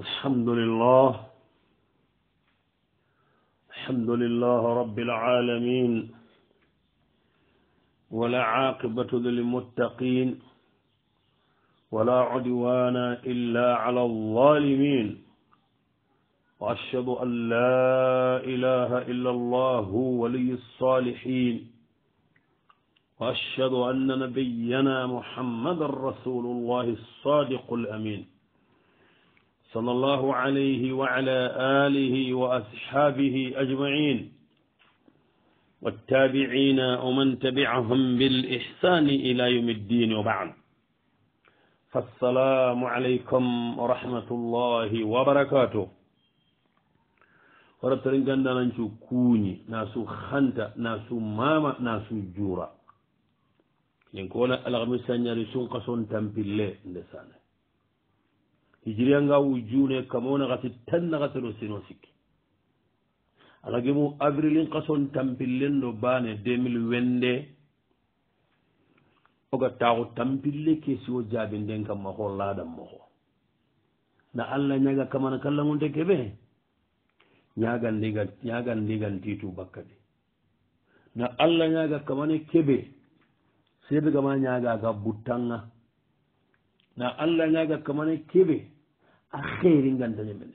الحمد لله الحمد لله رب العالمين ولا عاقبة للمتقين ولا عدوان إلا على الظالمين وأشهد أن لا إله إلا الله ولي الصالحين وأشهد أن نبينا محمد رسول الله الصادق الأمين صلى الله عليه وعلى آله وأصحابه أجمعين والتابعين ومن تبعهم بالإحسان إلى يوم الدين وبعد فالسلام عليكم ورحمة الله وبركاته ترين كان نانشو كوني ناسو خانتا ناسو ماما ناسو جورا ينكونا الغمسان يرسون قصون تنبيل لندسانه hijiriyanga wujune kamona gasi tan nagasero sino sikki alagimu avrilin kason tampillen ɗo bane deux mille wende oga taxo tampille ke siwo jabinden kam maxo ladan moxo na allah ñaga kamana kallangunte keɓe ñagandiga ñagandigan titu bakkadi na allah ñaga kamane keɓe sebegama ñagaga buttanga nda allah ñaga kamane keɓe a xeeri ngandañe mene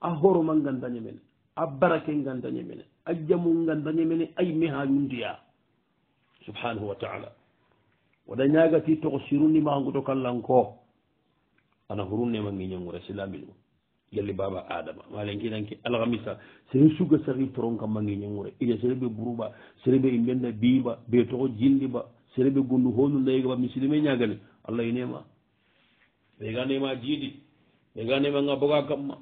a horoma ngandañe mene a barake ngandañe mene a jamu ngandañe mene ay mehaju ndiya subhanahu wa taala wada ñagati toxo sirundi maxanguto kallanko ana hurunnema ngiñangure silamilu yalli baba adama malenkinanke alhamisa sere suga sari toronkam ma ngiñangure ina serebe buruba serebe imbenna biba be toxo jindiba serebe gundu honu ndayegaba misilime ñagane allah inema ɓe ganema jiidi ɓe ganemanga boga gamma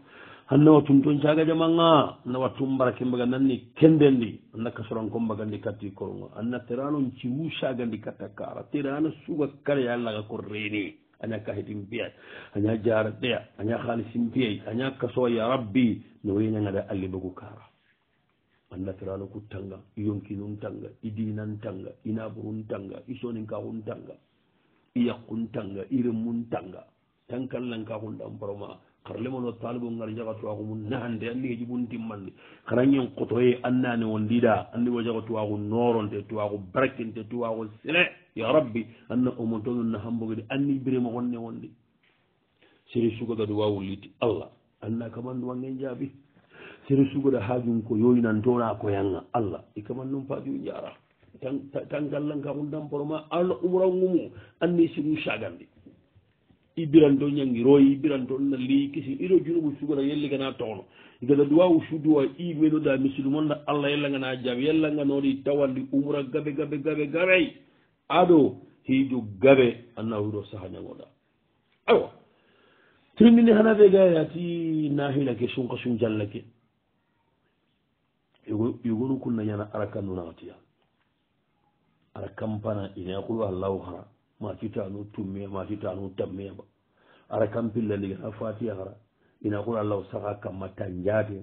hande wa tum toon cagajo manga anna wa tumbara kembaga nanni kenden ndi annaka sorankombaga ndi katti koronga anna terano ciwu caga ndi katta kara terano suga kare yallaga ko reni aña kahedin mbiyay aña jara ɗeya aña haalisi mbiyay aña kasowa ya rabbi no weñangada alli bogu kara anna terano ku tanga i yonkinun tanga i dinan tanga i naburun tanga i soninkaxun tanga i yakkun tanga i remmun tanga tankan lanka kun damparoma karlemano talibo ngar jagatuwakumun nande andi heji bun timmandi karanyen kotoye annane wondida andi wo jagatuwaku noronte tuwaku barakinte tuwaku sile ya rabbi anna omotomin na hambogedi anni birema honne wondi seri sugagadi wawulliti allah anna kamanduwange jaabi seri sugoda hajum ko yoyinantona koyanga allah i kaman num faju jara tan tan gallan kamu damporoma allah umrangumu anni sigu sagandi ibiran ɗo ñangi roy ibiran ɗo na li kisi iɗo junubu sugona yelligana towno gada duwa usudu wa i meɗo da misilumonna allah yellagana jam yellaganoɗi tawandi umra gaɓe gaɓe gaɓe gaɓey aɗo hiiju gaɓe annawiɗo saha ñangoɗa awa trinini hana ve ga yati nahilake sunka sum jallake yogonu kunna ñana ara kannunaatiya ara kampana ina yakulu allahu hara ma sitanu tumme ma sitanu tammeba ara kam pilla ndigi ha fatiha hara ina kun allahu saha kamma tanjate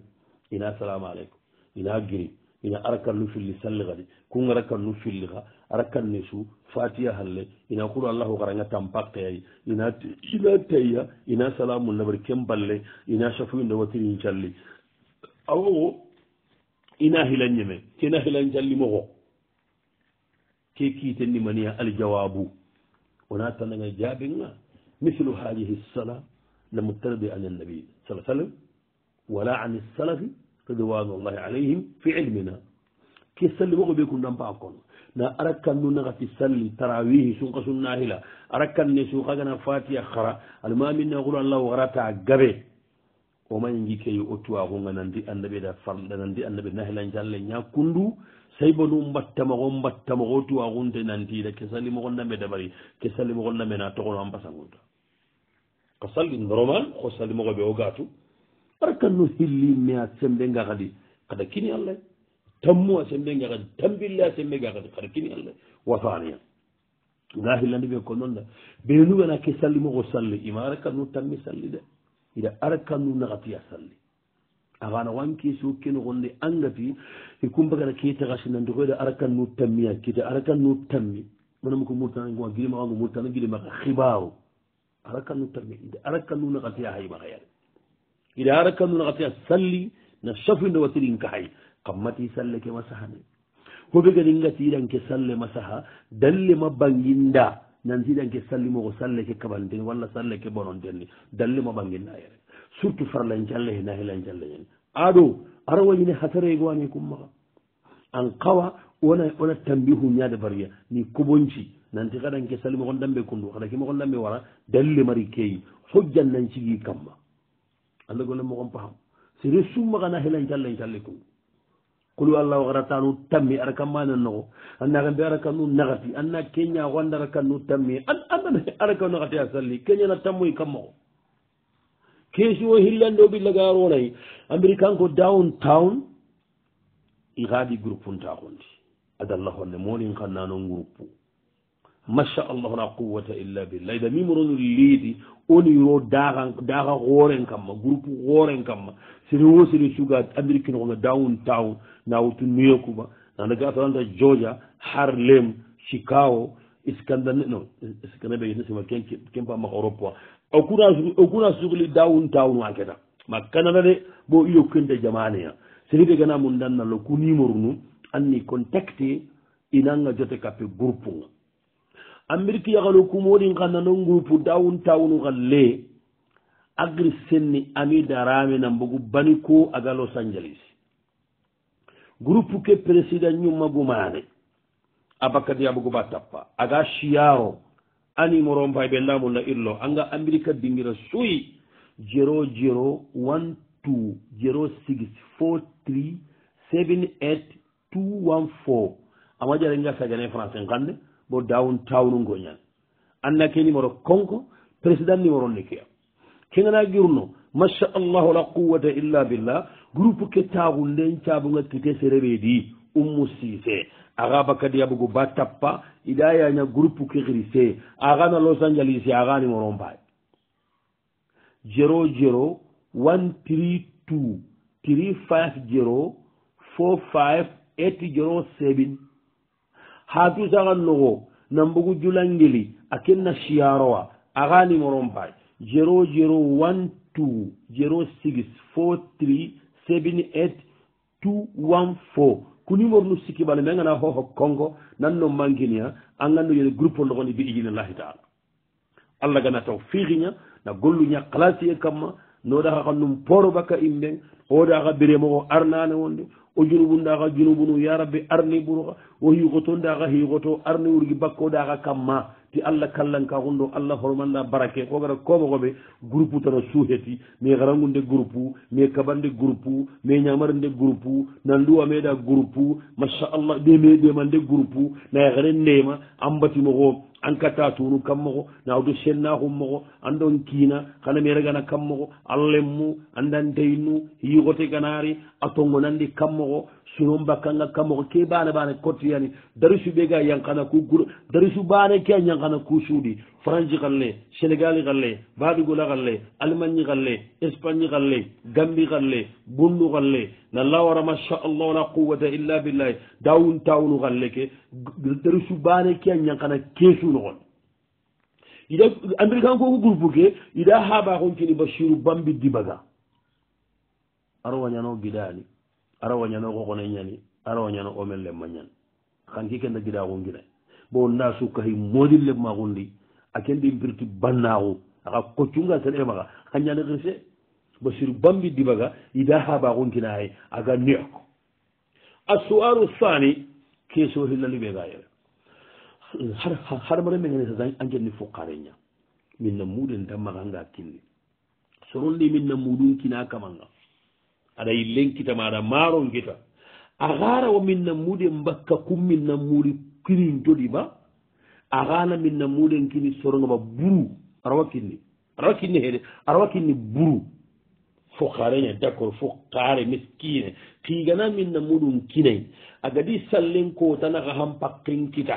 ina assalamu aleykum ina giri ina arakannu filli salli hadi kun arakannu filli ha arakanni su fatiha halle ina kuru allahu haranga tampakteyayi ina ina teya ina salamu nabari ken balle ina safuinde watiri calli awowo ina hilanñeme kena hilan calli moko ke kiitenni maniya aljawabu وناتنا جابنا مثل هذه الصلاة لم ترد عن النبي صلى الله عليه وسلم ولا عن السلف رضوان الله عليهم في علمنا كي سلم وقو بيكون نمبا كون نا أركن نغا في سل تراويه سنقا سنة هلا أركن نسوخا فاتيا خرا المامين نقول الله غرات قبي o mañi gi keewi ottuwa ko ganandi annabi ɗa farɗa nandi annabi nahela jalle ñakkundu sey bo ɗum mbattama ko mbattama ko ottuwa kunde nandiɗa ke sallimo ko ndame dabari ke sallimo ko ndame na togono ambasangunta ko salli normal ko sallimo ko ɓe o gatu arkan no hilli mi a sembe nga kadi kada kini allah tammu a sembe nga kadi tambille a sembe nga kadi kada kini allah wafaniya nga hillandi ɓe ko noon da ɓe nugana ke sallimo ko salli ima arkan no tammi salli de ida arkanu nagati a salli afana wanke so keno gonde angati i kumbagana ketagasinandi ko ida arkanu tammi a kiti arkanu tammi manamko murtanaa gilimaago murtana gilimaka xibaro arakanu tammi ida arkanu nagati a hay maxayal ida arkanu nagati a salli na safinde watirinka hay kammati salle ke masahane hobe ganingati idanke salle masaha dalle ma banginda nandiɗanke sallimogo salleke kabanden walla salleke bononderni dallemo ɓangennayere surtout farla jalle he nahela jalleñani aɗo ara wayine hasareygo e ani e kummaga an kawa wona wona tambihu ñade bariya ni kobonci nanti haɗanke sallimogon dambe kundu haɗakemogon dambe wara dalle mari keyi hojjan nan cigi kamma allah gollemogon paham sere summaga nahela jalle e jalle kundu kulu allahu aratanu tammi araka mana noxo anaxembe araka nu naxati anna keña xoanda araka nu tammi aana araka naxati a salli keñana tammoy kam moxo keesi wo xillando bi lagaaronay americanko down town i xaadi groupe ntaxundi adallaxonne moolin xannano groupe macha allah la quwata illa billah ida mimoron liidi oniro daaan daaka hooren kamma groupe hooren kamma sere wo sere suga amérique nokonga down town nawo tu nuyekuma nanda ga atalanta joja harlem chicago iskanda no iskanda ɓe yetnasima kempa ma europe okuna okuna sugli down town waketa ma canada de bo yokkinde jamaneya sere ɓe ganamum dannallo ku nimoru num anni contacte inanga jote kappe groupe nga amirki yagalu kumoɗin ka nano groupe dawun tawunu ka le agri senni ami darame nan bogu bani ko aga los angeles groupe ke président ñumma gumane abakadi abugu ba tappa aga chiyaro ani morombay ɓe ndamulla illo anga amérika dingira suyi zero zero one two zero six four three seven eight two one four ama jarenga sagane français nganne bo dawon tawnugoñan anna ke numéro konko président numéro nikiya kegana girno macha allahu la quwata illa billah groupe ke tagu nden cabunga tite sereɓeedi ummu sise agaba kadi yabugu ba tappa ida yaña groupe ke xiri se agana los angeles aga numéro mbay zero zero one three two three five zero four five eight zero seven hatusagan nogo nan bugu julangeli a ken na siyarowa aga nimoron pay 00126437814 ku nimornu sikibale me ngana hoho kongo nan no mankinia a ngannu yene groupe nogoni bi ijinillahi taala allah gana taw fiiriña na gollu ña kalasiye kamma nodaha xannum poro bakka imben odaha biremogo arnane wonde o junubu ndaaxa junubunu yarabbi arni ɓuruxa wo xiixoto ndaaxa xiixoto arni urgi bakkoɗaaxa kam ma ti allah kallanka hunɗo allah hormanɗa barake kogata komokoɓe groupe tana suuheti mi harangunde groupe mi kaɓande groupe mi ñamarande groupe nanduwa meɗa groupe machallah ɗeme ɗemande groupe nayi hare ndema ambatimoko ankata tunu kammoko nawdu sennahummoko andon kiina hana mi regana kammoko allenmu andan deynu yiigote ganari atongo nandi kammoko sunum bakkanga kamoko ke bane bane kottiyani darisu ɓe ga yankana ku gur darisu bane ke a yankana ku suuɗi france xalle sénégali xalle baɗugola xalle allemagne xalle espagne xalle gambi xalle bundu xalle na lawara machallah la quwata illa billahi dawun tawunu xalle ke darisu bane ke a yankana ke sunoxon ida américain koku groupe ke ida haɓaxun kini basiru bambi dibaga arwañano bidani arawa ñano xoxone ñani arawa ñano omen lemma ñan xan ki kena gidaxu ngine bo ndasu kahi modi lemmaxundi a kendi mbirti bannaxu axa koccunga sen emaxa xa ñani xirse basir bambi dibaga ida xabaxu nkinaxe aga niok a suwaru sani ke sohilali ɓegayo xarmare megene sasa a ngenni fuqare ña min na muɗen dammaxanga kinni sorondi min na muɗum kina kamanga aɗayi lenkita maɗa maron guita a hara wo min nammuɗe mbakka kum min nammuɗi kinin joɗi ba a hana min nammuɗen kini sorogoba buru arawa kinni arawa kinni heede arawa kinni buru fo harene d' accord fo hare miskine kigana min nammuɗum kinayi agadi sallen kotana ka han pakken kita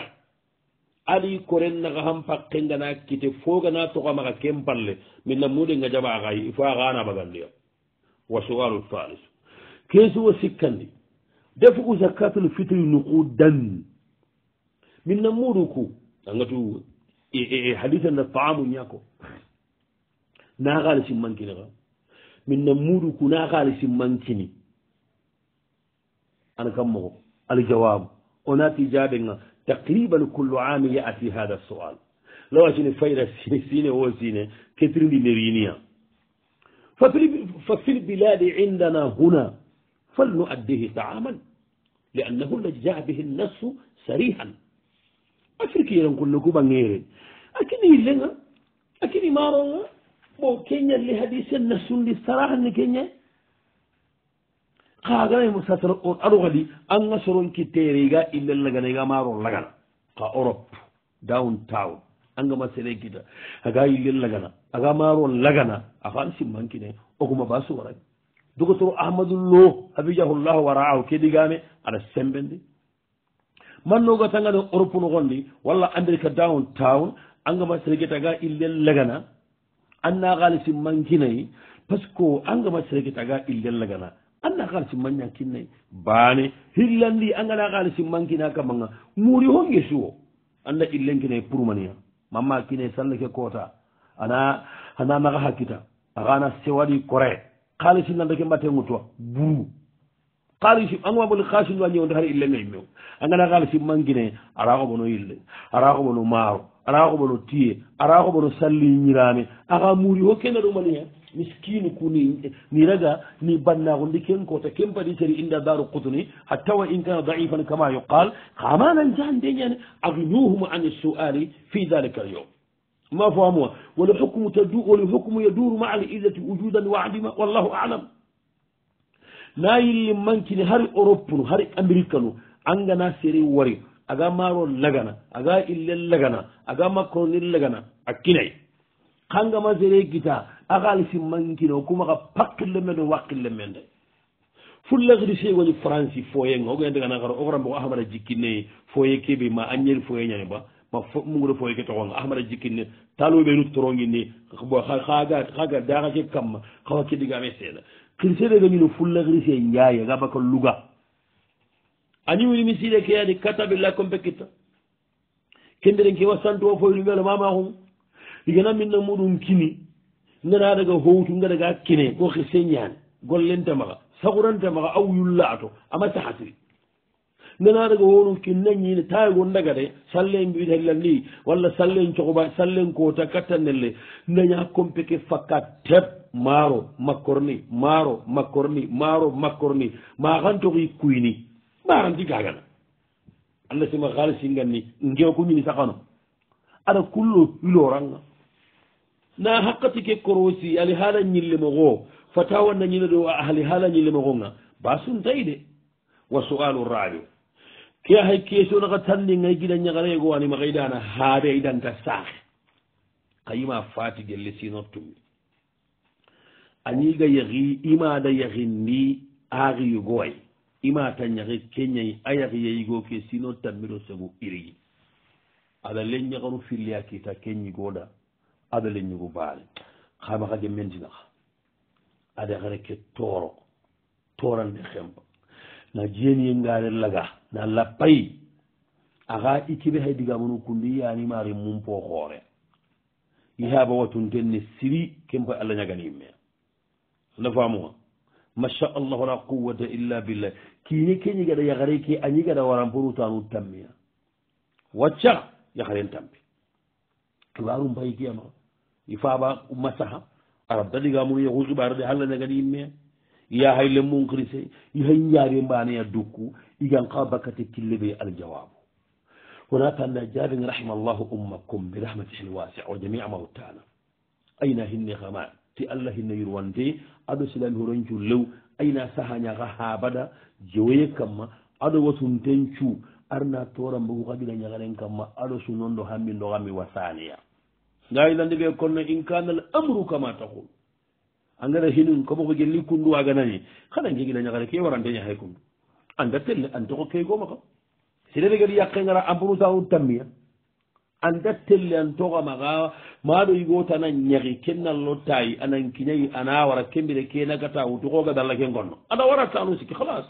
aɗi koren naka han pakken gana kite fo gana togamaka ken palle min nammuɗen ga jaba a kayi il faut a hana bagandiyam وسؤال الثالث كيس وسكني دفع زكاة الفطر نقودا من نموركو أنتو أن الطعام ياكو ناغال سمانكني من نموركو ناغال سمانكني أنا كم الجواب أنا تجاب تقريبا كل عام يأتي هذا السؤال لو أجني فايدة سينة وسينة كترين دي مرينيا ففي البلاد عندنا هنا فلنؤديه طعاما لأنه الذي جاء به النص سريعا أفريقيا نقول لكم بنير أكن يلنا أكن يمارا بو كينيا لحديث النص اللي صراحة كينيا قاعدنا مسافر أرغلي أن نصر كتيريغا إلا لغنيغا مارو لغنا قا أوروب داون تاون أنغما سيريكي دا هكا إلا لغنا aga maron lagana afan simmankine okuma ba suwara dogotoro ahmadullo habijahullahu wa raahu kediigame aɗa sembende mannogatangaɗen europe nogondi walla america down town angama sergetaga illel lagana anna haalisi mankinayi par ce que angama sergetaga illel lagana anna haalisi mañankinnayi baane hillandi angana haalisi mankina kamaga muuri ho gesuo anda illenkinayi pourmania mamma kine salle ke koota ana ana maga hakkita agana sewaɗi kore kalisi nandake mbatengutuwa buru kalisi anguma boni kasinduwa ñewonde hara illeme mew angana kalisi mangine ara koɓono ille ara koɓono maaro ara koɓono tiye ara koɓono salli ñirame aga muuri ho kene ɗumani hen miskine kuni ni raga ni bannako ndi kenkota ken mbaɗi kadi inda daru kutni ha tawa in kana daifan kama yuqal kamanan jandeñani agnuhum an soali fi dhalika al yom ma famu wa walhukmu tadu walhukmu yaduru maa lilati wujudan wa adima wallahu alam nayilli mankini hari europe nu hari amérique nu angana séri wori aga maro lagana aga ille lagana aga makronil lagana a kinay kangama sére guita akalisi mankino kuma ka pakkille mende wakkille mende fullagri se wani franci foye ga ogoyandegana ara ogorambo ahamada jikkinneyi foye keɓe ma anñeri foye ñani ba ma fo mugudo fo ke toxonga ahmada jikkinne taloɓe nu toroginni xaga daxake kamma xawa kidigame sena crise degañino fulla crise njaye ga baka luga añiwini miside ke adi katabilla compe kitta kemberen ke wa santu o foyru wela mamaxum igana minna muɗum kini ngana daga howtu ngadaga kine go xise ñaan gollentemaxa saxurantemaxa awyullato ama taxasiri nenaɗoga wonon kinnañine tawigo ndaga de sallen mbiytalilalli walla sallen cohoba sallen kota kattanelle naña compeke fakka teb maaro makkorni maaro makkorni maaro makkorni ma hantoki kuyni maranti gagana allah sima halisi ganni ngewa ko ñini sahano aɗa kullo wiloranga na hakkati ke korosi ali haala ñillemogo fatawa nañina ɗo ali haala ñillemogonga basuntayi de wa sual rajo ke hay kesonaka tanninga gida ñagarayegowanima kaydana haabe ydanta saahe kayima fati gelle sinortumi añiga yahi imada yahindi aahiyugoway imata ñahi keñayi a yahi yayigo ke sino tammiro segu iriyi ada len ñaharu filli a kiita keñigoda ada len ñugu baale xamaxa ge mentinaxa ada hareke tooro toorande xemba na jeni ye ngarer laga na lappayi axa ikibe hay digamunu kundi yani mari mumpo xoore yihaba watunten ne siri kempo allah ñaganiyimme anda famuwa masha allahu la quwata illa billah kiine ke ñigada yaxare ke a ñigada waranporu tanu tammiya wacca yaxaren tampi kibarum payi kiyama ifaba masaha arabda digamunu yaxu xibaro de halla ñaganiyimmea ya hay le munkrise yo hay ñaare mbaneya dukku igan ka bakkate tille ɓe aljawabu wona tanna jaabin rahima llahu ummakum bi rahmatihil wasi o jamia mawtana ayna hinne kama ti allah hinne yurwande aɗo silami horoncu lew ayna sahañaka ha bada jowoye kamma aɗo wasuntencu arna tora mbogu kaƴuna ñaganen kamma aɗo sunondo hammindo kammi wasaniya ngaydande ɓe konno in kanal amru kama takol a ngara hinum komo ko gelli kundu waga nani kada jegila ñagara ke waranteña hay kundu anda telle an toxo ke goma kam si refe gadi yaqe ngara amprusaxu tambiya anda telle an toxamaxa maɗo yigotana ñaxi kenna lotayi anan kiñayi ana wara kembire kenagata wutuxoga dalla ke ngonno ana waratanu siki halas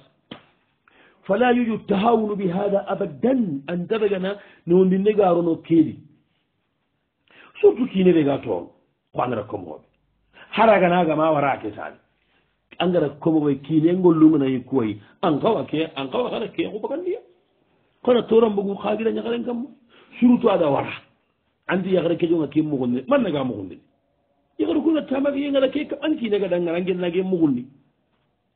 fala yuju tahawunu bi hada abadan anta begana nowo mbinne garono keeɗi surtout kiine vega toon ko angara comme oɓe haraganaga ma warake sane angara komoɓay kiine ngollumanayi kuwayi an kawa ke an kawa kata ke kubagandiya kono toranbogu kagira ñakaren kamma surtout ada wara andi yakara kejonga ke mugundini mannaga mugundini yakara kuna tamaga yengata ke kam an kiinega dangara ngennage mugundi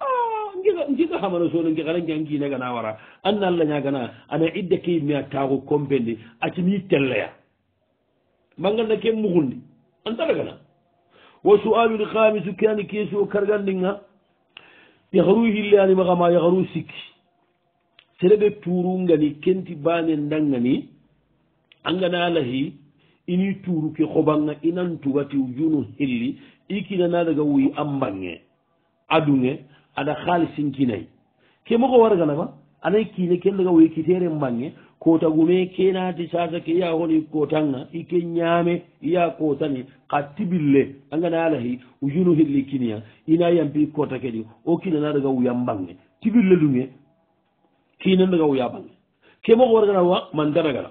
ah, ngiga hamano sono ngikarange an kiinega na wara anna allah ñagana ana idda ke yimmea taago kompendi acimi telleya maggalna ke mugundi an taragana wa sualu lkhamisu kani kesu o kargandinga yakharu hille ani magama yakharu sikki sere ɓe turungani kenti bane ndangani angana alahi ini turuke hobanga inan tugati ujunu hilli ikinana daga wuyi ambange adunge ada khalisinkinayi ke mogo warganaba anayi kine ken daga wuyi kitere mbange kota gume kenati sasake iya honi kotanga ike ñame iya kotani ka tibille angana alahi ujunu hilli kiniya ina yampi kota kedi o kinana daga uya mbange tibille lunge kinan daga uya bange ke mogo wargana wa mandaragara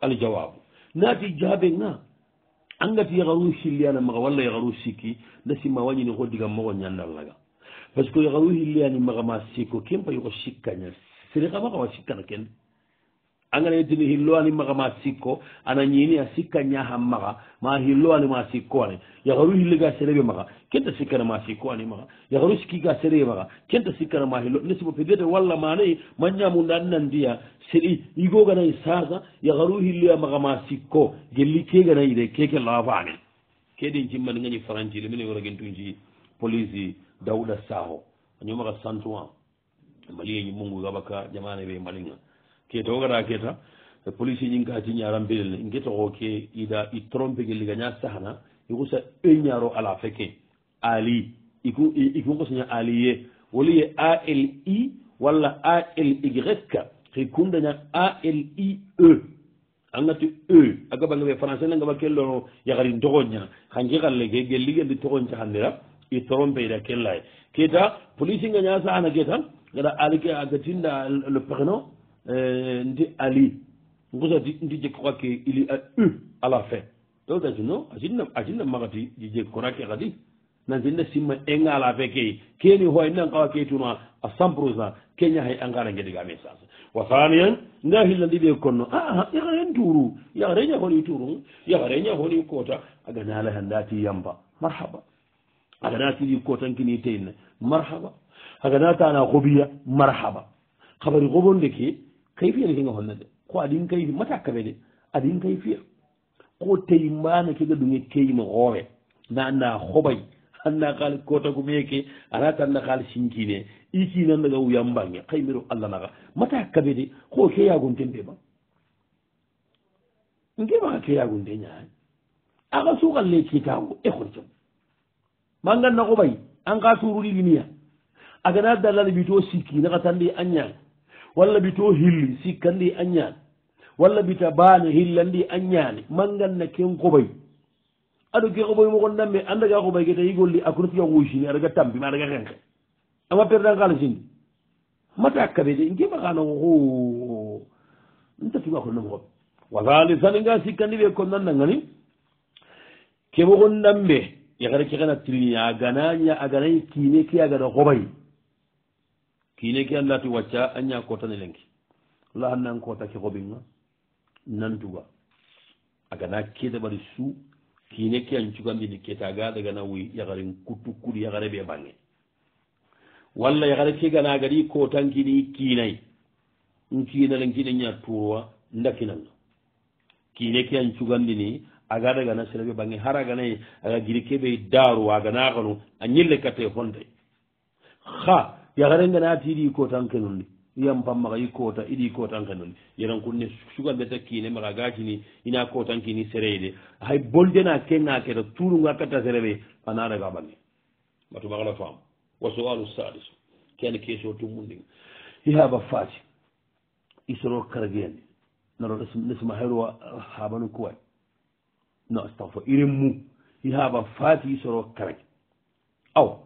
aljawabu nati jabe nga angati yakaru hilliyana maga walla yakaru siki ndasi ma wañini ko diga mogo ñandallaga parce que yakaru hilliyani maga ma siko kempa yoko sikkaña siri kamakawa sikkana kende angana yettini hilloani magama sikko ana ñini a sikka ñaha maga ma hilloani ma sikko ani yakaru hilliga sereɓe maga kenta sikkana ma sikko ani maga yakaru sikkiga sereɓe maga kenta sikkana ma hillo ndesi bo pedete walla manayi mañamundaninandiya seɗi igoganayi sasa yakaru hilloya magama sikko gelli keganayi de keke lafani keɗin cimmani gañi francile mine yoragentunci police dawɗa saho añomaga centoan maliyeñi mungu gabaka jamane ɓe maliga ke dogata keta e police ñing kati ñaran belel ne ngeta xo ke ida i trompe ke liga ña saxna ikusa e ñaro ala feke ali iku ngosña alie wala ye ali walla ali gretka xe kundaña alie a ngati e, e a gabangabe français nangaba kelono yaxari ndoxoña xa njixalle ke geligendi toxon caxandira i trompe ida kellaye keta police nga ña saxna ketan gada alike a gatinda le prenom ndi ali ngusa di ndi jeg koxake ili a u a la fin to da sino asinna asinna magati di jeg koxake xadi na sinna simma enga la fe ke keni hoy nan qawa ke tuna a sambrosa kenya hay angara ngedi ga message wa thaniyan nda hilla di be konno a a ya ren turu ya ren ya holi turu ya ren ya holi kota aga nala handati yamba marhaba aga nati di kota ngini tein marhaba aga nata na gobiya marhaba khabari gobon de ke kayfi ene hinga honnade ko aɗin kayfi matakka wede aɗin kayfiya ko tawi mbana kega ɗum e keyma hoowe nanna hoɓay anna haali ko tagu meke ala tanna haali sinkine ikinannaga wuyambange kaymiro allah naga matakka wede ko keyagon ten ɓeɓa ngemaa keyagon de ñaani aga suukalle kitago e hortam mangan na hoɓay an ka suuru liliniya agana dallana bito sikki naga tande a ñaag walla bi to hilli sikkandi añaani walla bi ta baane hillandi añaani manganna ken koɓay aɗo ke koɓoy mo gon namme andaga koɓay keta yigolli akonotika wusini aɗaga tampi ma aɗaga xenxe ama perdan xaalisindi mata kabede nke maxanoo xo ntatuga ko nam xoɓe wasalisaninga sikkandi ɓe konnan nangani ke mo gon namme yaxere ke xena trinia aganaña aganay kiine ke agana xoɓay kiine ke an lati wacca a ña kootane lenki la an nan koota ke xobinga nantuga a gana keeta ɓari suu kiine ke an cugandini keta ga da gana wi yaxarin kuttu kuɗ yaxare ɓe bange walla yaxare ke gana gadi kootankini kiinay n kiina lenkine ña tuurwa ndakinanga kiine ke an cugandini aga dagana serebe bange har aganay aga giri keɓe daaru aganaxanu a ñille katte fontay xa yakaren gana ati idi ko tan kenundi yam pam maga yi kota idi ko tan kenundi yaran kunne sugar beta kine maga gatini ina ko tan kini sereede hay bolde na kenna ke da turu nga katta serebe ana da ga bani matu magala fam wa su'alu sadis ken ke so tu mundi ya ba fati isro kargen na ro nisma hayro habanu kuwa no astaghfir irin mu ya ba fati isro karge aw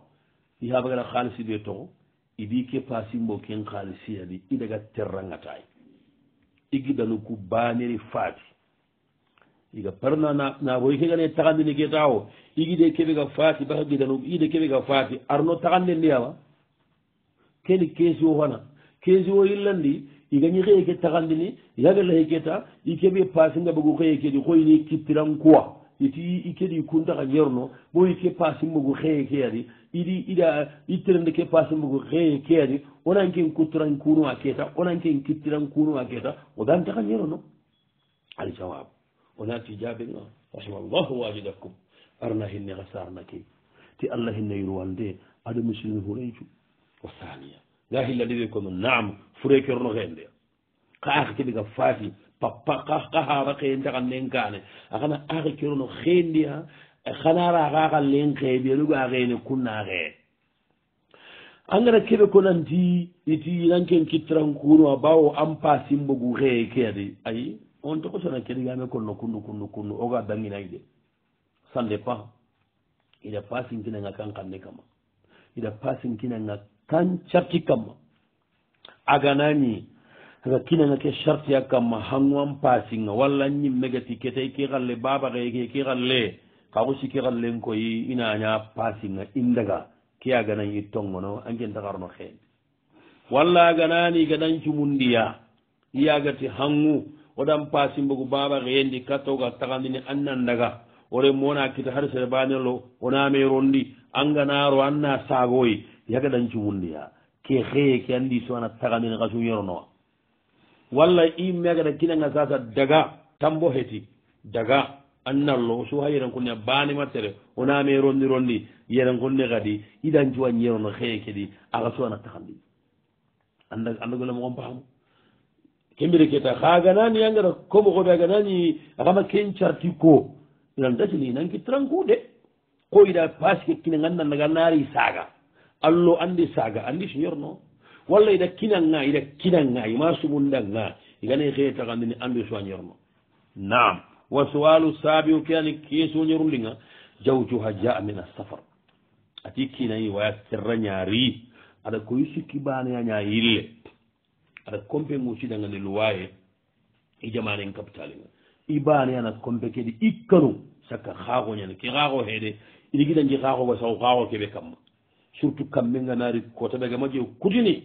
ya ba gara khalisi de togo idi ke pasimbo ken haalisiyadi idaga terrangatay igidano ku baniri faati iga parna na woy kegane tagandini ketawo igide keɓega faati baka gidano ide keɓega faati arno tagandindiyama keni keesi o fana keesi o illandi igañi xeye ke tagandini yagalahe keta i keɓe pasinga bogu xeye kedi xoyini kittiran quwa iti i keɗi kuntaxa ñerno bo i ke pasimbogu xeye ke adi iɗi iɗa ittirande ke pasemugo xee keani onanken kuttiran kunuwa keeta onanken kittiran kunuwa keeta o dan taxa ñero no ali jawab ona ti jaabenga rahimallahu wajidakum arna hinne xa sarna ke ti allah hinne yurwan de aɗa musilme fureycu o saniya nga xilla ndewe kome naam furekerno xeen de xa aaxa ke ɓega faati papa xa xaara xeen taxan nen kaane axana aaxa kerono xeen ndiya xanara e xa xa len xee ɓeenuga xeene e kunna xee engrais keɓe konanti iti nanken kittiran kunua bawo an pasimbogu xeye keadi ayi on toko sona keɗigame konno kunnu kunnu kunnu oga danginayi de ça dépend ida pasinkinanga kan xanne kamma ida pasinkinanga kan carti kamma aganani aga kinanga ke chartiya kamma hanguan pasinga walla ñimmegati ketey e ke xalle baba xeeke ke xalle xaku sikkixallen koy inaña passinga in daga ke a ganan i tongono angen taxarono xeen walla a ganani ganan cumundiya iyagati hangu odan passi mbogu baba xeyendi kattoga taxandini an nan daga ore mona kita har serbanelo onaame rondi anganaro anna sagoy yagadan cumundiya ke xeye ke andi so ana taxandini xasuñoronowa walla i megada kinanga sasa daga tambo heti daga annallo o suha yerenkunne baani mattere wonaame ronni ronni yerenkunne kadi iɗan cuwa ñerono heekedi aka suwanattahandi anda anda gole mogon paamu kembire keta ha ganani angara komo koɓe a ganani akama kencarti ko inan gasini nanki trankude ko yiɗa paske kine gandannaga naari saaga allo andi saaga andi so ñerno walla iɗa kinanga iɗa kinanga ima sumundanga igana heetakandini andi sowa ñerno naam wa sowalu saabio ke ani keesoñeru ndinga jawjoha jaa min asafar ati kinayi waya serra ñaari aɗa koyi sikki baneyaña yille aɗa compe ngosidanga ne luwaye i jamanen capitalinga i baneyana compe kedi ikkanu sakka xaaxoñane ke xaaxo heede iriginanji xaaxoga sawu xaaxo keɓe kamma surtout kamɓe nganari kotaɓegama jew kutini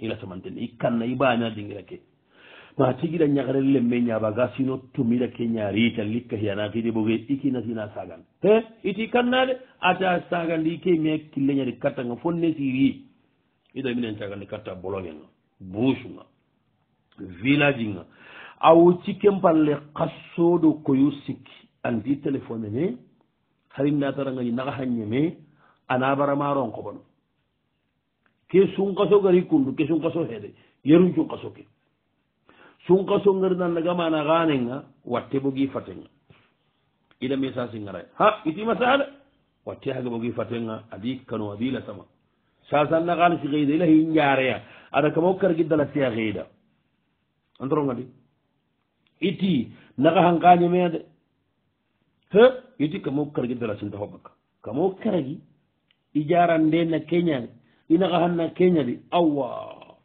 ilatamanten i kanna i baneya dingira ke ma tigida ñagarel lemme ñaaba ga sino tumida ke ñaari tan likka hiyana kide boge ikina sina sagal he iti kannade ata sagandi ke me kille ñadi katta nga fonne siri ido minen sagandi katta bologe nga bouche nga village nga awo cikkempalle kassoɗo koyo sikki andi téléphone ne harinnataragai naga hanñe me anabaramaronko bon ke sunkaso gari kundu ke sunkaso heede yerum cunkaso ke sunka songar nan daga mana ganin ha watte bugi faten idan me sasin gara ha iti masala watte ha bugi faten ha adi kanu adila sama sasan na gani si gaida ila hin yare ada kamo kar gidda la si gaida andro ngadi iti naga han gani me de ha iti kamo kar gidda la sin to hobaka kamo kar gi ijaran de na kenya ina gahan na kenya di awwa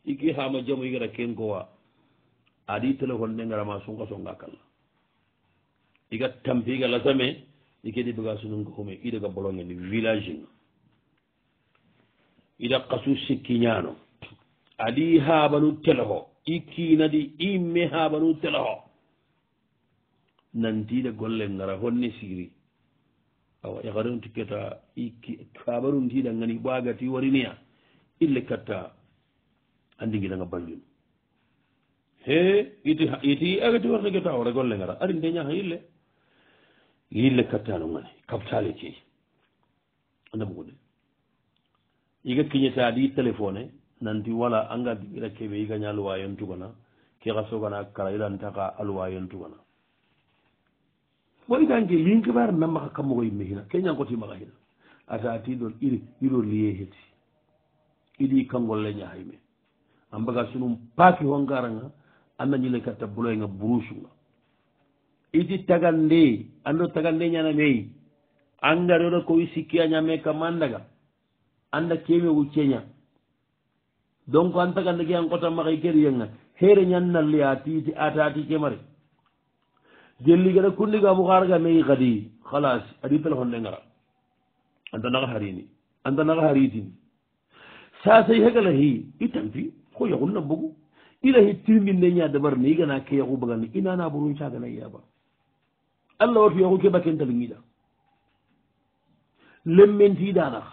iki ha ma jamu igara kengowa aɗa yi téléphone nde ngarama sunka songa kalla iga tampi iga lasame ikedi baga sununka hume idaga bologeni village ŋa ida kasu sikki ñano aɗi habanu télého i kinadi i me habanu télého nantiida golle ngara honni siri awa yakarenuti keta habarundiɗa ngani bagati wariniya ille katta andinginanga ballinu he iti iti egati warta geta o regol lengara ari ndeña ha yille yille kattano ngane kaptale keyi andabugude iga kiñetaadi téléphone nanti wala anga ira keɓe igaña aluwa yontugana ke xa sogana kara ilantaxa aluwa yontugana bo idanke linkebaara nammaxa kammogo yimme hina ke ñangkotimaxa hina atati ɗo iri iro lie heti iɗi kangolle ñahayme a mbaga sunum paaki hongaranga Anda ñu lay katta nga burusunga iti tagande ando tagande ñanameyi ko oɗo kowi nya me kamanda ga? anda kemegu ceña donc an tagande ke an kota maxay keriyenga here ñannalli atiiti ataati kemari bu kundiga ga meyi xadi khalas, adi tal hon ngara anta na harini anta naxa haritini sasay hegala hi i tampi xo yaxun na bugu ira hettirmin neña dabar ne igana ke yaku bagane inana burun cagana yaba allah watu yaku keɓa kentalgiɗa lemmentiɗanax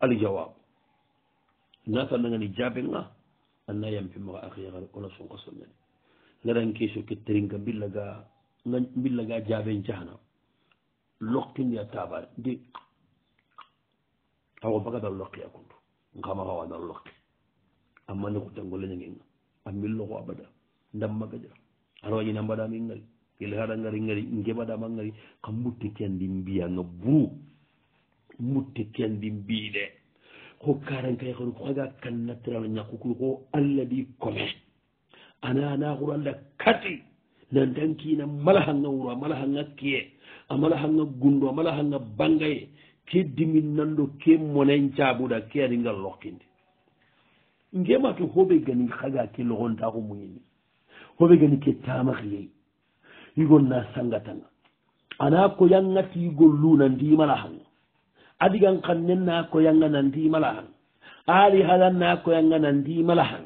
al jawab nata nangani jaɓenga anna yampimaxa axiyaxar ona sunka soñane ngaɗan question ke teringa mbillaga nga mbillaga jaɓen cahana loqkindi a tabar di awo mbaga dal loqi a kuntu nkamaxawa dal loqi amma ne xutangoleñangenga a milloko abada dammagaja aroji na mbaɗa mingari gele haɗa gari gari jeɓaɗama gari ka mbutte kendi mbiyanga bru mbutte kendi mbiɗe ko karankay kadu koga kannatirano ñakkukul ko allah ɗi kome ana naxur allah kati na dankina malahanga wuro a malahanga kiye a malahanga gundo a malahanga bangaye ke dimin nando ke monen caɓuɗa ke aɗi ngal lokkindi ngemato hoɓe gani haga ke logontako muyini hoɓe gani ke tamahiyey yigol na sangatanga ana koyangatiyigol luna ndimala han adigan kannen na koyanga na ndimala han ali halan na koyanga na ndimala han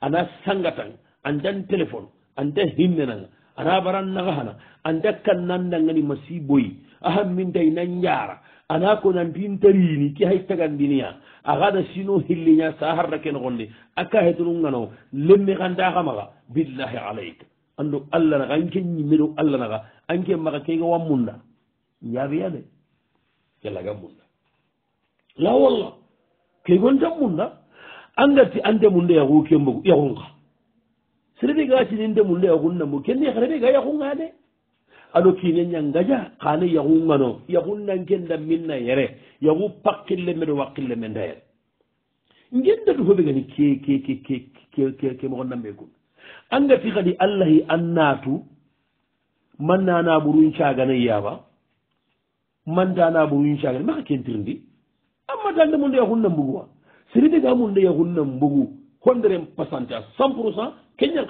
ana sangatan andan téléphone anda hinnenanga ana baran nagahana anda kannandangani masi boyi ahan min day nan yara ana ko nandintariini ki hay tagandiniya axaɗa sino xilliña saharna ke noxonne a kaxetunungano lemme xandaxamaxa billahi alayk ando allanaxa anke ñimmeɗo allanaxa anke maxa kega wa munda ñaɓeyade yalaga munda la walla kegonta munda angati ande munda yaxu ke mbogu yaxunxa serebe ga cinin de munda yaxunnamo kene xerebe ga yaxunga de aɗo kiine ñanngaja haano yahu ngano yahu nangenda minna yere yahu pakkille mbeɗo wakkille me ndeyere ngennda ɗu hoɓe gani ke ke ke ke mo gonnamɓe gum angati kadi allahi annaatu mannanaɓuru caganay yaawa mandanaɓuru caganay maka kentir ndi amma dande mu nde yahunna mbugu wa seriɓe ga mu nde yahunna mbugu kondiren pasante a cent pour cent keñan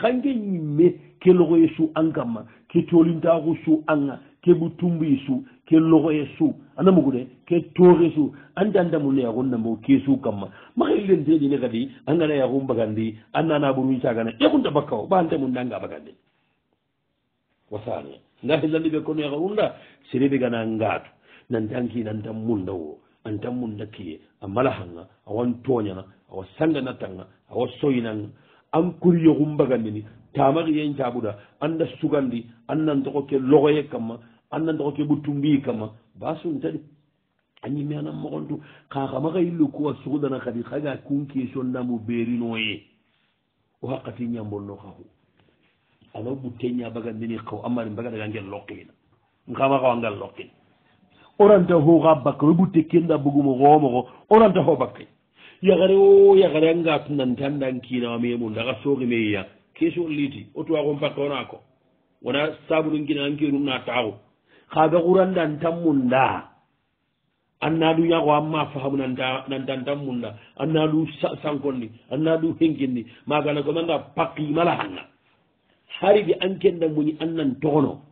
xange ñimme ke loxoye su angamma ke tolintaxu su anga ke bu tumbuyi su ke loxoye su anda mugude ke toxe su anti andamune yaxu nambo ke su kamma maxeilen teɗine xadi angana yaxu mbagandi a nana ɓonu cagana ƴekunta bakkao ɓa antamunde anga bagandi wasane nda xillandi ɓe kono yaxarunda serebe gana ngaatu nantankinanta munda wo antamunda kie a malaxanga a wan toñana awa sanganatanga awa soyinanga an kuriyoxunbagandini tamaxiyen cabuda anda sugandi annantoxo ke loxoye kamma annantoxo ke buttumbii kamma basuntadi a ñimi anan moxontu xaxamaxa illu kuwa suxudana xadi xaga kun kesondamu berinoye o xaqati ñambonno xaxu ano butte ñabagandini xaw amari mbagadagangen loqina nxamaxawangan loqin oranta xoxa bakka o butte kenda bugumo xoomoxo oranta xo bakkay yagare o yagare anga tunantan dan kinawame mun daga soki me yiya kesol liti otuwa kon pakka ona ko wona sabudun kina anke run na taxu xaɓe xuran dantan munda anna duñako amma fahamu nantantan munda anna du sankondi anna du henkindi magana komanga pakkimala hanga hari ɓe anken dan muñi an nan togono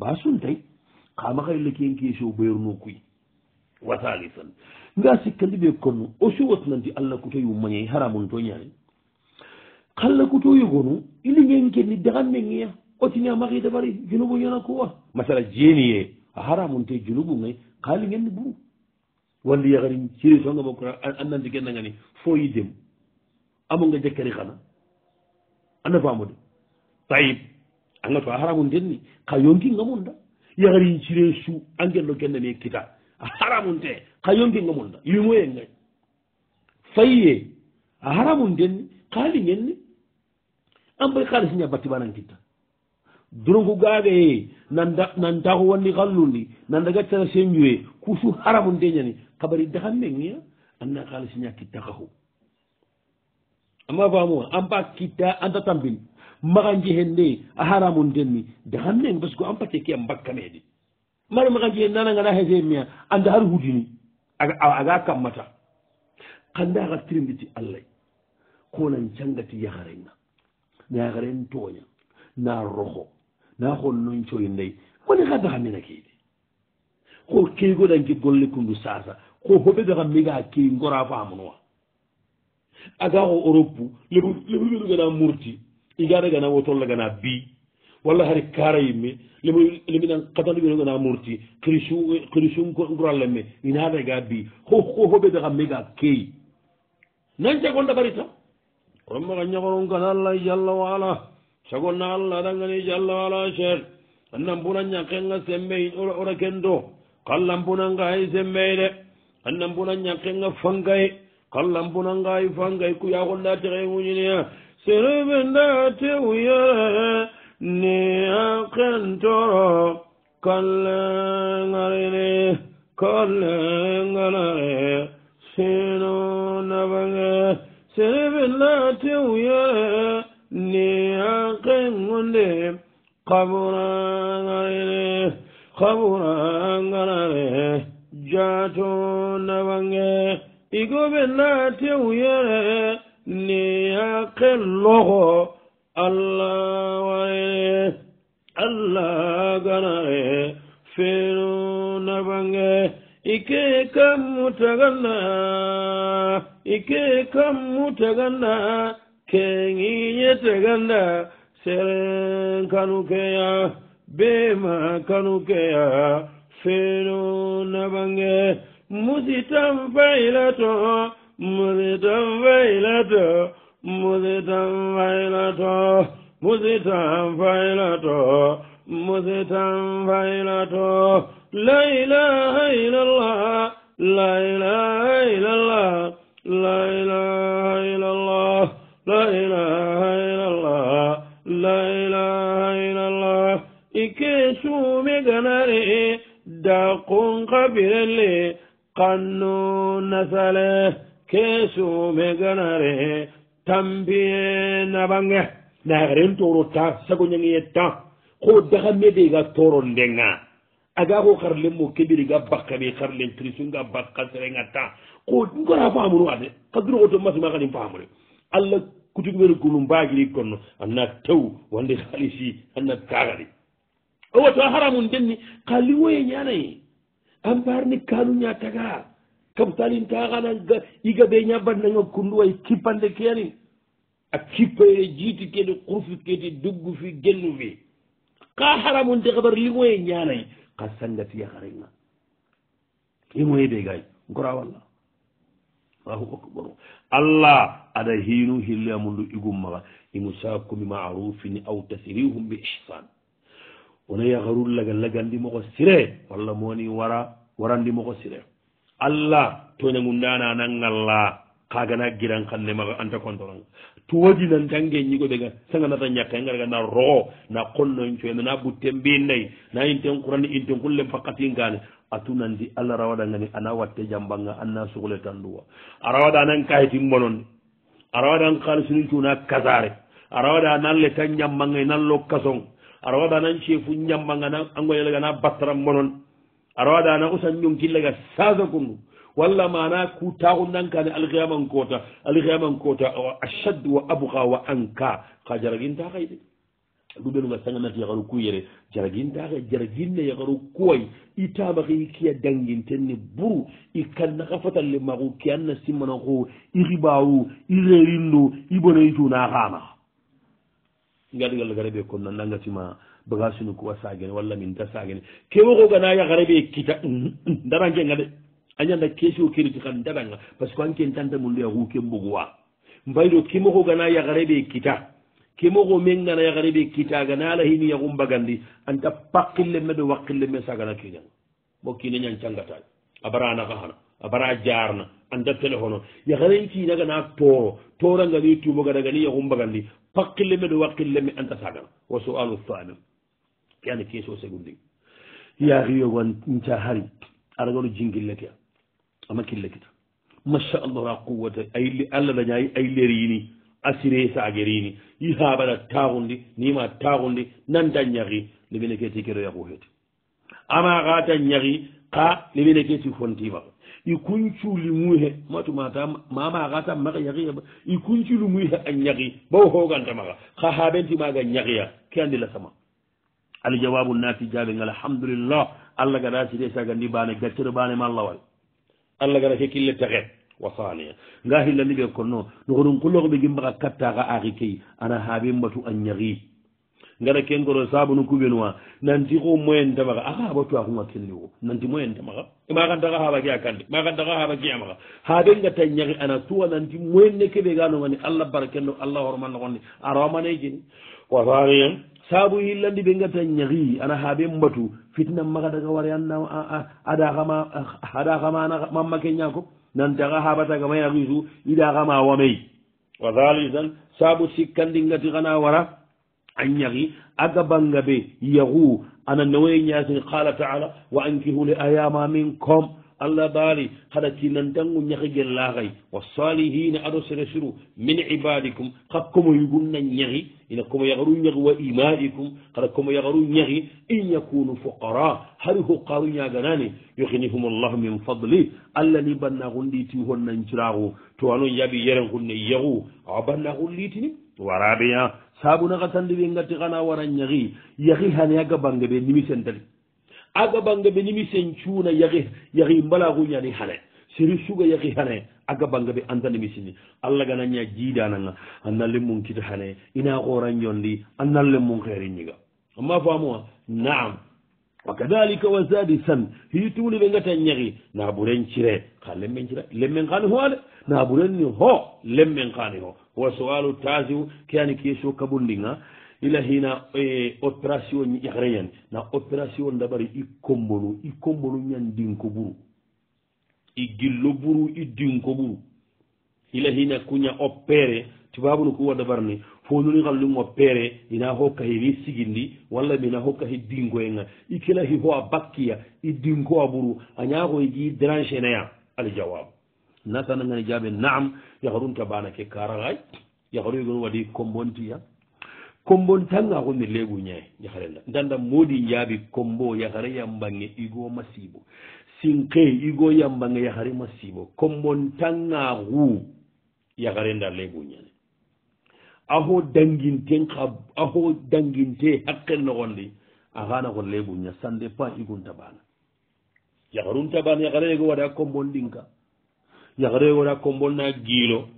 basuntay xamaxa illa ken keso ɓeyrunu kuy wasalisan nga sikkandi ɓe kono o suwat nanti allah kuto yummañayi haramun to ñaani kalla kuto yogonu iliñenkenni daxanmengeya otini a maxida bari junubu ñana kuwa masala jeeniye a haramunte junubu ngay kaali ngenni buru wandi yaxari sirisonga bokk annanti gennangani fo yi dem amo nga jekkari xana anda famo de tayib anga to a haramunten ni xa yonki ngamunda yaxari sire su angenno kennani kita a haramunte ka yonkingo munda yumoyen ngay fayiye a haramunten ni kaali ngen ni ambay kaalis ña batti banan kitta dronku gaagaye nanda nantako wandi kallundi nanda gaccara senjuye kusu haramunte ñani kabari dahammenngiya anna kaalis ña kitta kaho amma famoa ampa kitta anta tampin maganji hennde a haramunten ni dahammen parce que ampa cekki a mbakkameɗi mara maxa jeen nanangana hesemia anda har hudini aga kammata kanda xa tirinditi allay konan cangati yaxarenga nayaxaren toña na roxo na xonnon coyinday koni xa daxa mena keyde ko keygodanke golle kundu sasa ko hoɓe daxa mega key ngora famunowa aga xo europe lebu lebu ɓeɗugana murti igaregana wotolla gana bi walla hari kaara yimmi limi limi ɗan katanɗo ɓino gona murti krisu krisu gurallo me inaata ga bi hoho hoɓede kam mi ga keyi nan cagon ɗaɓarita kono maka ñagoron kan allah jalla wala cagon na allah ɗangani jalla wala cher annanbuna ñakkenga sembey ora kendo kallanbunangaayi sembey de annanbuna ñakkenga fangay kallanbunangaayi fangay ku yagonɗa tehe wuñinia seremen ɗa tewuya niyaqin toro kallengarini kallengarini sino nabange sirbilatiw yere niyaqin gunde qaburangarini qaburangarini jato nabange igobilatiw yere niyaqin logo allah waye allah ganare feno nabange ike kammu taganna ike kammu taganna keñiñe taganna seren kanukeya bema kanukeya feno nabange musitan faylato musitan faylato muzitan faylato muzitan faylato muzitan faylato la ilaha ilallah la ilaha ilallah la ilaha ilallah la ilaha ilallah la ilaha ilallah ikesume ganare dakun kabirele kannu nasale kesume ganare tambenabange naxaren toro ta sago ñangeye ta ko daxa mede ga toro ndenga aga ko xarlen mo keɓiriga bakkaɓe xarlen crisunga bakka serenga ta ko ngora famunu ade kadduno oto masima xanim famure allah kutugumen gulu mbagiri konno anna tew wande xalisi anna taxari owato haramu ndenni xali woye ñanayi a mbarni kanu ñatagaa kam talin taxanan iga ɓe ñabannañog kunduway kippande keani a kippaye jiiti kedi xurfi kedi duggu fi gellu fi xa haramunte xebar limoye ñanay xa sangatiya xarenga limoye ɓe gay ngora walla allahu akbar allah aɗa hiinu hille amundu igum maxa imusakumi marufin aw tasrihum be ihsan wona yaxaru lagalagandi moxo sire walla moni wara warandi moxo sire allah tone ngundana nan ngallah kagana giran kanne maga anta kontoron towoji nan tange ñigo ɓega saganata ñakka e garga na roo na konnon coyno na butten mbinnayyi na inten kurani inten kullen fakkati ngane atu nandi allah rawaɗa ngani ana watte jambanga anna sugle tan duwa arawaɗa nan kayitin mbononde arawaɗan kalisini cuna kasare arawaɗa nan letan ñambangay nan lo kason arawaɗa nan ceefu ñambanga na angoyalega na battara mbononde aɗa waɗa na usan ñonkillaga sasa kon ɗum walla mana ku taxundankane alkiyaman kota alkiyaman kota achad wa abga wa anka xa jaraginta xay de ɗuɓenunga sanganati yaxaru ku yere jaraginta xay jaraginne yaxaru kuway i tamaxe i kiya dangin ten ne buru i kanna xa fatalle maxu ke an na simmana xo i xibaru i rerindu i bone i tuna xamaxa ngadigallagareɓe konna nanga sima baga sunu kuwa sagene walla minta sagene kewoxo gana yaxare ɓe kita ndarangenga de a ñanda kesio kiriti xan ndaranga parce que anke tanta mundu ya xu ke mbogwa mbayro kemoxo gana yaxare ɓe kita kemoxo men gana yaxare ɓe kita gana alahini yaxu mbagandi anta paqillemme de waqillemme sagana kiñang bo kine ñang cangata a baranaxa xana a bara jarna anta téléphone o yaxaren kina gana toro toranga ni tumo gana gani yaxu mbagandi paqillemme de waqillemme anta sagana wa soalu thamine kene keso segundi ya riyo wan nta hari ara gono jingillete ama killekita masha allah la quwwata ay li alla la nyaay ay lerini asire sa gerini yi habara taawundi ni ma taawundi nan dan nyaari le bene ke ti kero ya ko heti ama gata nyaari ka le bene ke ti fonti ba i kunculi muhe matu mata mama gata ma yaari ba i kunculi muhe an nyaari baw ho ganta maga ka habenti maga nyaari ya ke andi la sama ali jawabu naati jaɓengal alhamdulillah allah gaɗa siɗe saga ndi bane gaccere banema allawal allah gaɗa hekkille tehe wa saniya nga hillandi ɓe kon noo nohoɗum kulloɓe gimbaka kattaka aki key ana haaɓe mbatu a ñahi gaɗa kenkoro sabunu kuɓenoa nanti ko moyen tamaka a haɓatu a kuma kelli o nanti moyen tamaka makantaka haɓaki a kande makantaka haɓaki amaka haaɓe gatta ñahi ana suwa nanti moyen ne keɓe ganogani allah bara kenno allah horomannogonni arawamane jini wa saniya saabu hillandi ɓe gata ñahi ana ha ɓe mbatu fitna maga daga wari anna aɗaama aɗaamana mamma keñako nantaga haɓataga mayahisu iɗaama wamey wa halisan saabu sikkandi gati gana wara a ñahi aga banga ɓe yahu ana nowe ñasin qala taala wa ankihu li ayama min com allah baali haɗa tinandangu ñahigel laahay wa salihina aɗo seresiru min ibadikum ha komo yugunna ñahi ina komo yaharu ñahi wa imaikum haɗa komo yaharu ñahi in yakunu fuqara hari huqaru ñaganani yohinihum llahu min fadli allah ni bannagun liti honnancuraku to ano yaɓi yeren hunne yahu awa bannagun liitini waraɓeya sabunaha tandi ɓe gatti hana wara ñahi yahi hanayaga bangue ɓe nimisen tati agabanga ɓe nimi sen cuuna yahi yahi mbalaguñani hane séri suga yahi hane agabanga ɓe anta nimi sini allah ga nanña jiidananga annalle mum kita hane ina xoranñondi annalle mum xeeri ñiga amma famuwa naam wa kadalika wa zadi san hii tuuni ɓe ngata ñahi naaburen cire xa lemmen cira lemmen xaani hoale naaburen ni ho lemmen xaani ho wa soalu tasiu ke ani kesio kaɓundinga ila hina e, opération ñi ixreyen na opération ndabari i kombolu i kombolu ñan dinko buru i gillo buru i dinko buru ila hina kuña opére tubabunu ku wa dabar ni fonuni xallum opére ina ho kahiri sigindi walla mina ho kahi dingoyenga i kila hi ho a bakkiya i dinko a buru a ñaakoy gi drangeneya ali jawab natanangani jaɓe naam yaxarunta bana ke karaxay yaxaruyegon waɗi kombontiya kombon tan a ko mi leegu ñaye jaharenda ndanda moodi njaabi kombo yahare yambange igoo masibo sinke igoo yambange yahare masibo kombon tan a huu yaharenda leegu ñane aho danginte a aho danginte hakke nogondi ahana ko leegu ña sa dépend igun tabana yaharun tabana yahareego waɗa kombon ɗinka yahareego waɗa kombon na giilo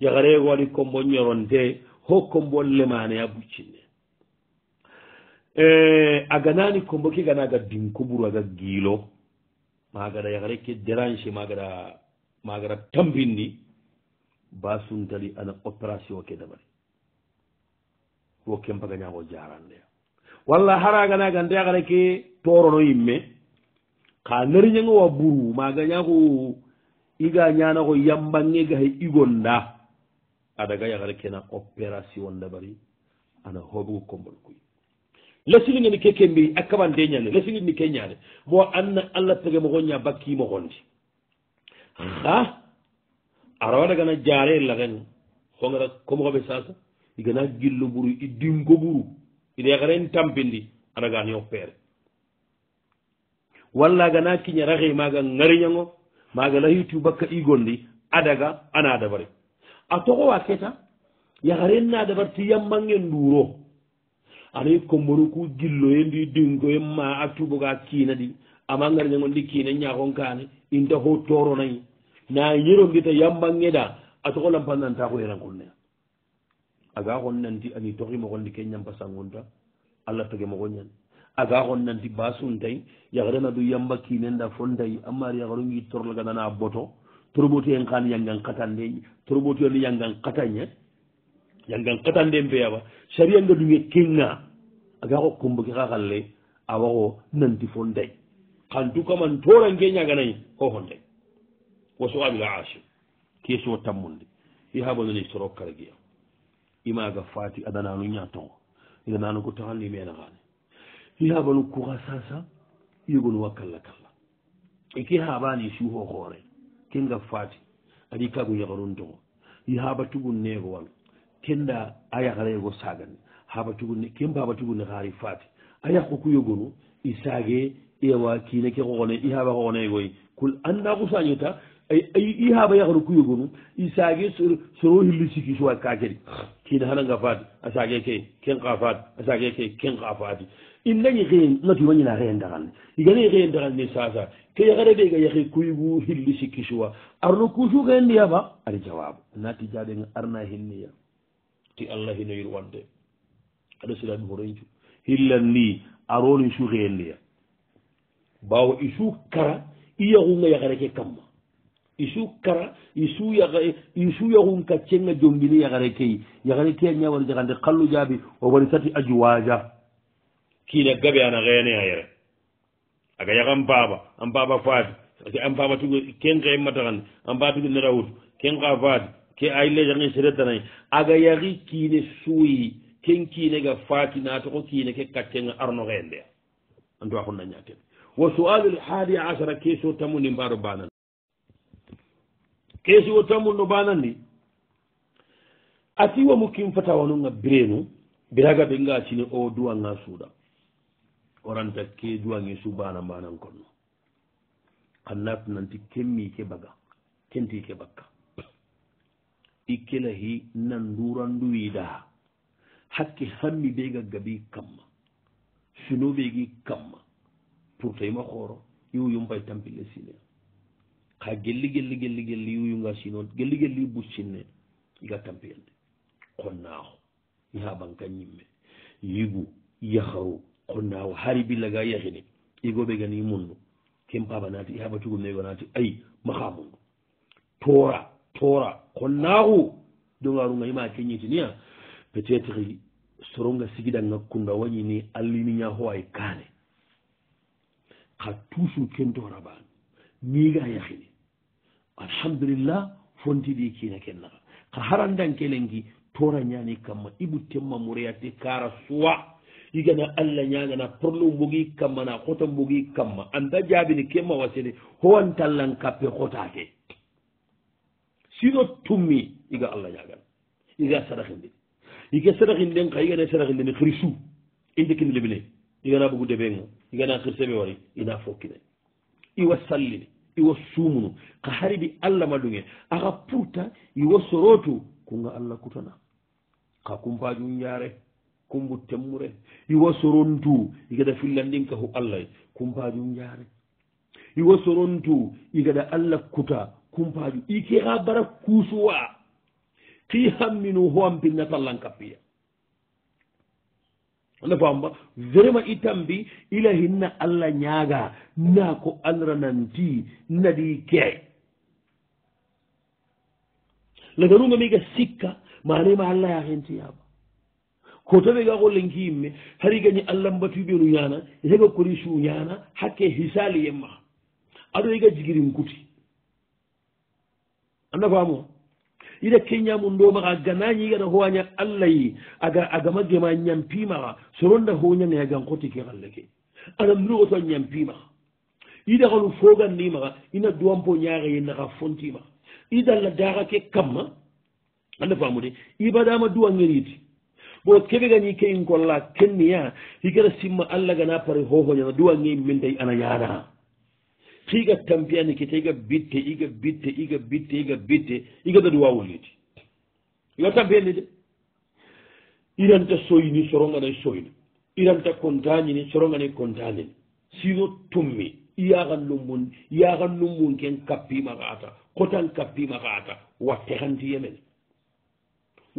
yahareego waɗi kombon ñoronte hokko bolle ma naya buccinne e a ganani kombo ke gana aga dinkuburu aga giilo magara yagare ke dérange magara magara tambinni basuntali ana opération ke dabari wo kempagañago jarandeya walla hara gana gande yagare ke torono yimme ka nariñanga wa buru magañago iga ñanago yambange gahe igonda aɗa ga yagal kena opération dabari ana hoɓugu kombol kuy lesili ngeni keke mbi akkamande ñane lesili ni ke ñane mo anna allah tege moxo ña bakkimo xondi xa arawaɗagana jare laxen xongara comme xoɓe sasa igana gillu mburu i dingo mburu in yaxaren tampindi aɗagani opére walla gana kiñaraxe maga ngariñango maga layitu bakka igondi adaga ana dabari a togo wa keta yagaren na dabar ti yammangen duro ana kombaru ku gillo yen di dinko yen ma a tubo ga kina di amma ngar nyango di kina nya kon kane inta ho toro nay na yero ngita yammange da a togo lampan nan ta ko yeran kunne aga hon nan di ani togi mo gon di kenyam pasangonta allah toge mo gon nyan aga hon nan di basun tay yagaren adu yamba kinen da fondai amma yagaru ngi torlo ga na boto torobotu en kan yangan katande torobotu en yangan katane yangan katande mbeyaba sharia nga dunge kinga aga ko kumbu ki khalle awo nanti fonde kan du ko man tora nge nya gana ni ko honde wa su'ab al ashi ki so tamunde fi haba ni soro kargi ima ga fati adana lu nya to ina nan ko tan ni mena kan fi haba lu ku sasa yugo wakalla kala iki haba ni shu ho hore kenga faati aɗi kaagu yagaron dogo i habatugu negowal kenda a yagarayego sagani habatugune ken babatugune haari faati a yakko kuyogonu i saage ewa kiine ke xoxone i haba xoxoneegoy kul anda xusañeta i haaba yahru kuyo gonu i saage soro hilli sikki suwa kakeri kiine hananga faadi a saage ke kenka faadi a saage ke kenka faadi in dañi xee ngati wañina xeen daxal ne igane xeen daxal ne sasa ke yaxere ɓe ga yaxi kuygu hilli sikki suwa arno kusukeenndiya fa ari jawabu nati jaɓenga arna hinniya ti allah hino yirwante aɗa sirani horencu hillan ni aroni suxeenndiya bawo i su kara i yaxunga yaxere ke kamma i su kara i su yaga i su yagun ka cenga jombini yagare keyi yagare keya ñawani jagandi xallu jaabi o wani sati aju waja kiina gabe ana xeene a yere aga yagan baba an baba faati an baba tugu ken xe mataxandi an baba tugu nera wut ken xa faati ke ay lejange seretanay aga yagi kiine suuyi ken kiine ga faati natoxo kiine ke kaccenga arno xeendea antuwaxunna ñaken wa sual alhadi acara ke so tamu ni mbaro banan keesi wo tammu no banan ni a tiwa mu kinfata wanunga birenu biraga ɓe nga sini o duwanga suuɗa oranta ke duwangi su bana banan konno kannatu nanti kemmi ke baga kenti ke bakka ikkelahi nan nduranndu widaha hakke hammi ɓega gabi kamma sunoɓegi kamma pour tawima hooro iwo yumbay tampille sinea ka gelli gelli gelli gelli yuyunga si noon gelli gelli buccinne iga tampiyande qonnaaho yaha banka ñimme yigu yahawu qonnaaho hari billaga yahini igoɓe gani munnu kem paba naati yaha baccugum nego naati ayi maha mundu toora toora qonnaahu dongaarunga ima keñitiniya peut être soronga sigidanga kunda wañini allininña howaye kaane ka toujours ken toora baan miiga yahini alhamdulillah fontiɗi kiina kennaka ka harandankelengi tora ñani kamma iɓu temma muriyatte kara suwa igana allah ñagana porlo mbogi kamma na hota mbogi kamma anda jaabini kemma wasede howantallan kappe hotake sino tummi iga allah ñagana iga sadahindin iga sadahinden ka igana sadahindeni hirisu inde kinde lebine igana bugudebe ga igana hirseɓe wari ina fokkinai iwa sallini iwo sumunu ka hari ɗi allah maɗumen aka purta iwo sorotu kunga allah kutana ka kumpajum yare kumbu temmure iwo sorontu igada fillandin ka hu allah kumpajum yare iwo sorontu igada allah kuta kumpaju ike ha bara kusuwa ki hamminu howan pinnatallan kappiya ne famba vraiment itambi ila hinna allah ñaaga na ko alrananti nadi ke lagaruga miga sikka manema allah ya hentiyaba ko tawi gako lenki yimme hari gañi allah mbatuɓe nu ñana hega korisu ñana hakke hisali yemma aɗo yiga jigirin kuti anda famoa ire keñamu ndomaxa ganañi gana howaña allah yi aga agama gema ñampimaxa soronda hoñange agan xoti ke xalle ke ana mbiru oto ñampimaxa idaxanu fogandimaxa ina duwanpo ñaxeye naxa fontimaxa i dalla daxa ke kamma anda famude ibadama duwangeriti bo keɓe gani ke in kolla kenniya i gara simma allah gana pare hohoñana duwange mentay ana yaana tiga tampiyani ke tega bitte iga bitte iga bitte iga bitte iga dadi wawolidi iga tampiyani de iranta soyini sorongaday soyna iranta kontañini soronganay kontañini sino tummi iyaxan lumbun iyaxan lumbun ken kappima xaata kotan kappima xaata watte xanti yemen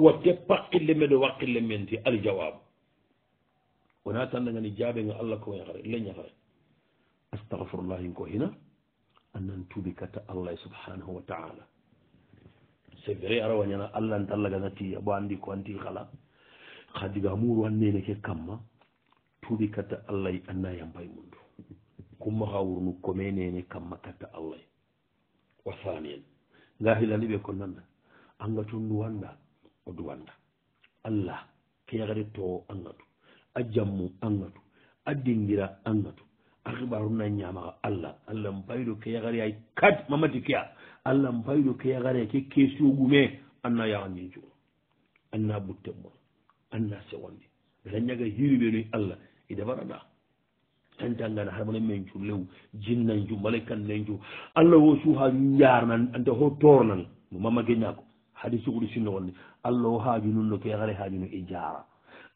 watte paqille mede waqille menti aljawabu wona tandangani jaɓenga allah kowen xare leñaxare astahfirullah ko hina annan tuubi katta allah subhanahu wa taala c'est vrai ara wañana allah n tallaganati abo andi ko anti kala ha diga muru anneneke kamma tuubi katta allah anna yampay mundu kumma ha wurnu kome nene kamma katta allah wa saniyan nga hilani ɓe ko nanna anga tun nduwanda o duwanda allah keyakade to angatu a jammu angatu a dingira angatu akhibaruna ñama allah allah mbayɗo ke yagare ay kat mamadi kiya allah mbayɗo ke yagare ke kesogume anna yaganin cuo anna buttenmo anna sewonde reñaga hiriɓe noy allah i dabarada antangana harmane men cu lew jinnan cu malaikan nan cu allah wo su ha jarnan anta ho tornan mo mamake ñako hadi sukuɗi sinnogonde allah o haaju nunno ke yagare haaju no e jara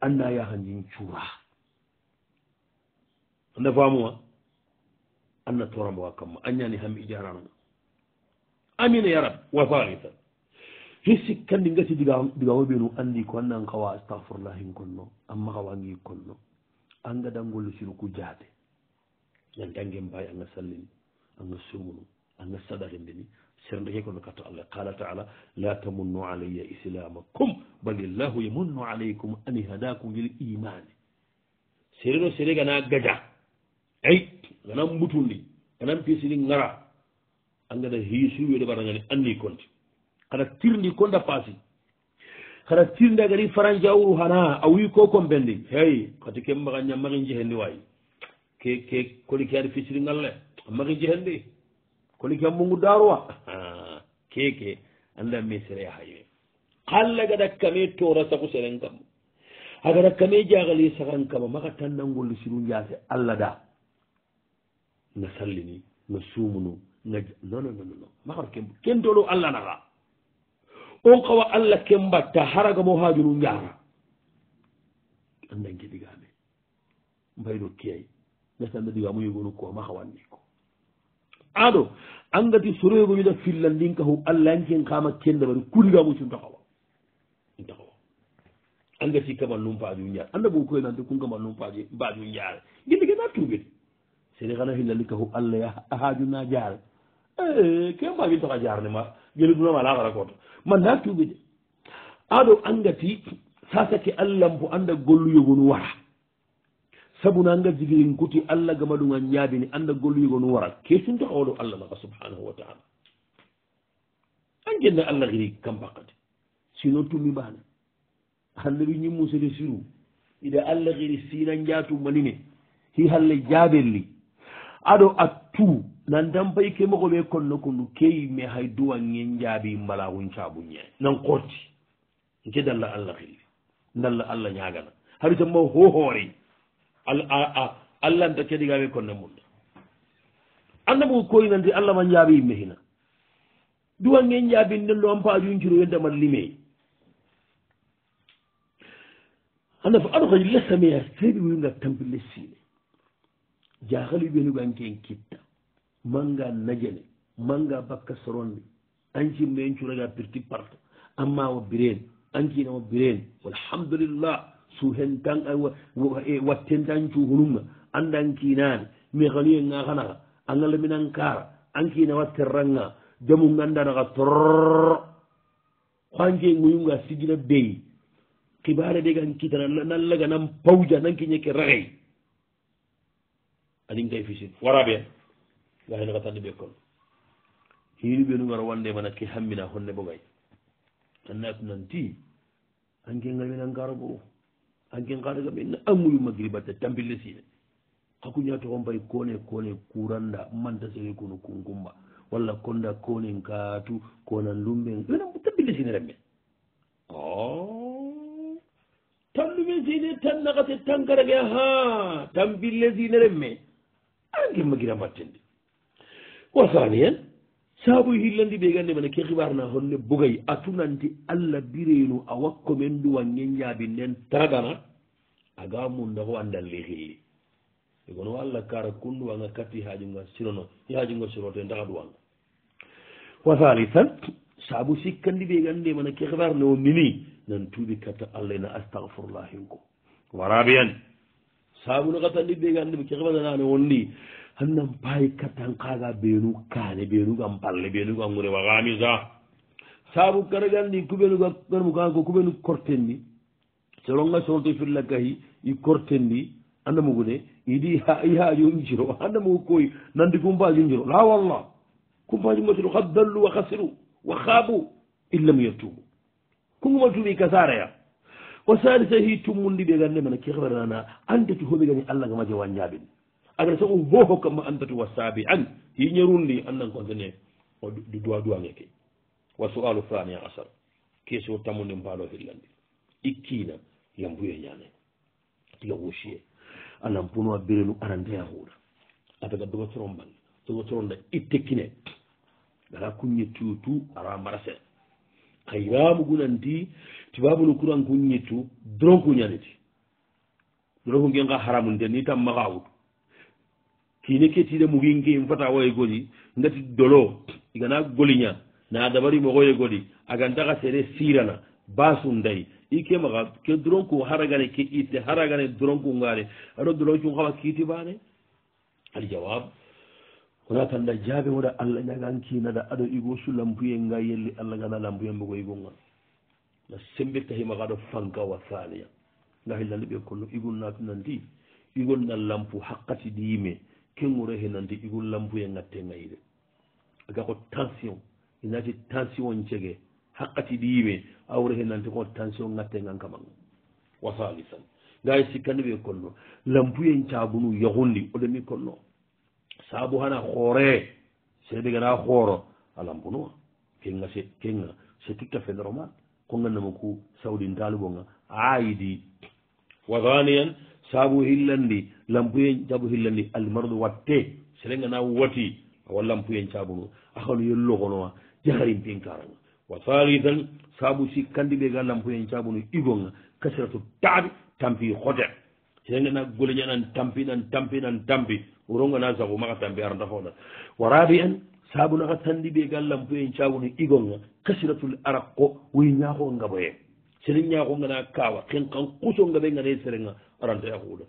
anna yahanin cuura نفهموا أن ترى مواكما أن ينهم يعني إجارانا أمين يا رب وفاغتا هسي كان نغسي دقاو بينو أني كوانا نقوى استغفر الله نكونا أما غواني يكونا أنغا دنغول سيروك جاتي yang kangen bayi anda salin, anda sumun, anda sadar ini. Sering dia kau kata Allah, kata Taala, لا تمنوا علي إسلامكم بل الله يمنوا عليكم أن يهداكم للإيمان. Sering tu sering kena gajah. ay ganam mutundi ganam pisini ngara angada hisu wede baranga ni andi konti kada tirndi konda fasi kada tirnda gari faranjawu hana awi ko kombendi hey kati kemba ganya magi jehendi wayi ke ke koli kyar fisini ngalle magi jehendi koli kyam mungu darwa ke ke anda misere haye kala gada kame tora saku serengam agada kame jagali sagan kama maka tanna ngol sirun jase alla da no sallini no suumunu no non non non non mahoro kembu kendoɗo allah naha on kawa allah kembatta haraga mo haaju nu jaara andan geɗigaame mbayno kiyay gasanndadiwa muyigonu ko mahawanni ko aɗo angati soroyogo wida fillan ndin ka ho allah anken kama kendabari kuligamu sum takawa takawa angati kaman num paaju jaar anda bo koynante e kun kaman num paaju mbaaju jaare geɗigenattuɓede seri xana xilali kahu allay a xaajuna jaare eh, ke mbaagin toxa jaar ne ma geliduna la xara koota man naa cuuge de aado angati sasa ke allampo anda gollu yogonu wara sabuna anga jigirin kuti allah gamaɗunga ñaadini anda gollu yogonu wara ke suntoxa waɗo allah naxa subhanahu wa taala angenna allah xiri kam baqati sino tumi mbaana andiri ñimmu sede siru ida allah xiri sina njaatu manine hi halle jaabelli aɗo attu nan dambayi kemogo ɓe konno ko ndu keyi mi hay duwa ngen jaabi mbalagun caabuñay nan korti nke dalla allah hilli dalla allah ñagana haru jamma ho hoore allahnta kediɓe konne munda annabo koyi nanti allah man jaabi yimme hina duwa ngen jaabi nello an paajuncuro wendamat lime anda fo aɗo kadi lesa mi ha seeɗi wiga tampille siine jahalu ɓenugankeen kitta manga najane manga bakka soronde ancimme en curaga pirti parta amma wo biren ankinamo biren walhamdulillah su hen tan e, watten tan cuhunuga andan kinaane mi haniyenga hanaha angalaminan kara ankina watterranga jamu gandanaha torr hanke goyuga sigina beyi kibare degan kitana nallaga nan pawja nankiñeke rahey aɗin gay fisin wara ɓeen ga hen katanɗe ɓe kon hiri ɓe nu ngara wande mana ke hammina honne bo gay anna ko nanti anke ngamen ankara boo anke ngaɗaga ɓenna amuyu magiri batta tampille sine hakuña togon bay kone kone kuranda manta sere kono kunkumba walla konda konen kaatu konan lumɓen ɓena tampille sine remmen o oh. tan lumen sine tan nakate tankaragaha tampille sine remme an gimma gira mbattindi wasaniyen saabu hillandi ɓe gande mene kehibarna honne bugay atunandi allah birenu a wakko men du wangen jaabi nden tagana aga munda ho andal le hilli e gono allah kara kundu wanga katti hajunga sinono hajunga sinote ndaa duwanga wasalitan saabu sikkandi ɓe gande mene kehibarna o mini nan tuuɓi katta allah na astahfirullahinko warabiyan saabuno ka tandi ɓe gande ke xebananane wondi hannan paayi kattan kaga ɓeenu kaane ɓeenugan balle ɓeenugan ure waxamisa saabu kara gandi kuɓenuga garmu kaako kuɓenu kortendi soronga soronto firla kahi i kortendi andamugune idi i haajo njiro andamugu koyi nandi kumpaaju njiro la wallah kumpaaju matiru xa dallu wa xasiru wa xaabu in lam yatubu kungumatuɓi kasareya o sali sahi tummundi ɓe gande mana kerwarnana andatu hoɓe gani allah ga maje wañaɓen agata sa o ho hokkama andatu wasabi an hiñerundi andan kontene o duwa duwangeke wa soalu fani asar kesi o tammude mbaɗo hillandi ikkina yambuye ñane tiga wosie anan punoa birenu arandeya huuɗa apega dogotoron bange dogotoron da ittekkine gara kuñe tutu ara mbara sen kayramugunandi tubabulu kuran kun ñittu doron ku ñaniti doron ku ngen ka haramunte ni tam maka wutu kiine ke tiide muginke in fata wa ye godi ngati dolo igana goliña na dabari mogo ye godi aganta ka sere sirana basundayi i ke maka ke doron ku haragane ke itte haragane doron ku ngaare aɗo doron cun kaba kiiti baane aljawab wona tanda jaabe woɗa allah ñagan kiinada aɗo igo su lambuye nga yelli allah gana lambuye mbogo igo ngan na sembirtahima gaɗo fankawa faaliya gahillani ɓe kono igol naatu nandi igol na lampu hakkati ɗiyime kenguro he nandi igol lampuye gatte gayre aga ko tension inati tension jege hakkati ɗiyime awre he nandi ko tension gatte gan kama wa salisan gay sikkani ɓe konno lampuye cagunu yahundi oɗemi konno saabu hana hoore seeɓe gana hooro a lampunoa kega se kega se tout à fait normal ko gandama ku sawdin taluɓonga aayidi wa haniyan saabu hillandi lampuye caabu hillandi almardu watte serenngana wati awa lampuyen caabunu ahanu yellogonowa jaharin pin karanga wa halitan saabu si kandiɓe ga lampuyen caabunu igonga kasirato taaɓi tampi hote serenngana goleñanan tampi nan tampi nan tampi wuronga na sago maka tampi aranta fooɗa wa rabian saabunaka tanndi ɓe ga lampu en caaguno igonga kasiratul arak ko woyi ñaako ngaboye sere ñaakonga na kaawa ken kan kuso ngaɓe ngane serenga aranto yahuuda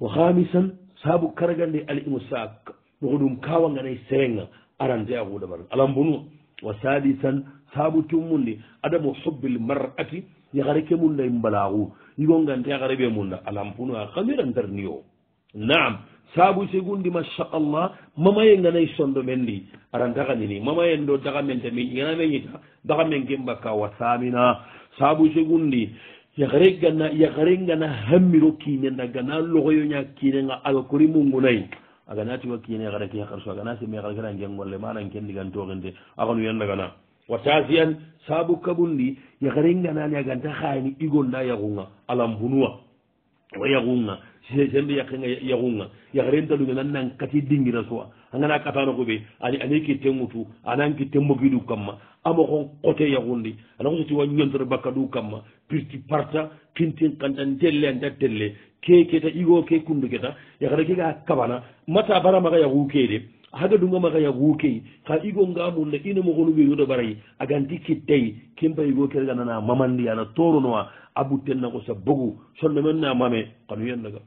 wo hamisan saabu karagande alimu sak noko ɗum kaawa ngane serenga aranto yahuuda bara alambunu wa sadisan saabu tummunde adamu hubbil marati yahare ke munda mbalaaku igonganta yahareɓe munda alampunu a kamiran tarni o naam saabu segundi machallah mamaye nganay sondo men ndi aran daganini mamayen ɗo dagamente min ganameñita dagamen gembakka wa samina saabu segundi yagarengana yagarengana hammiro kinena gana logoyoña kinenga alkori mungunayi aganatiwa kine xara ke xarso agana seme xara kera ngen golle manan ken ndigantoxinte axanu yandagana wa tasiyan saabu kabundi yagarenganani aganta xayani igonda yaxunga alambunuwa wa yaxunga sesenɗo yakkenga yahunga yakrentaluge nan nan kati dingina sowa angana katano koɓe ani ani ki tengutu ananki temmogiɗu kamma amo kon kote yahundi ana kosoti wa ñontoto bakka ɗu kamma pirti parta kintin kanta telle anta telle keketa igo ke kundu keta yakara kega kabana mata bara maga yahu kede haga dunga maga yahu key ha igo ngamunde ina mogono wegoɗo barayi aganti kittayi kimpa igo kerega nana mamandi ana toronowa abu tennako sa bogu sonno men na mame kanu yennaga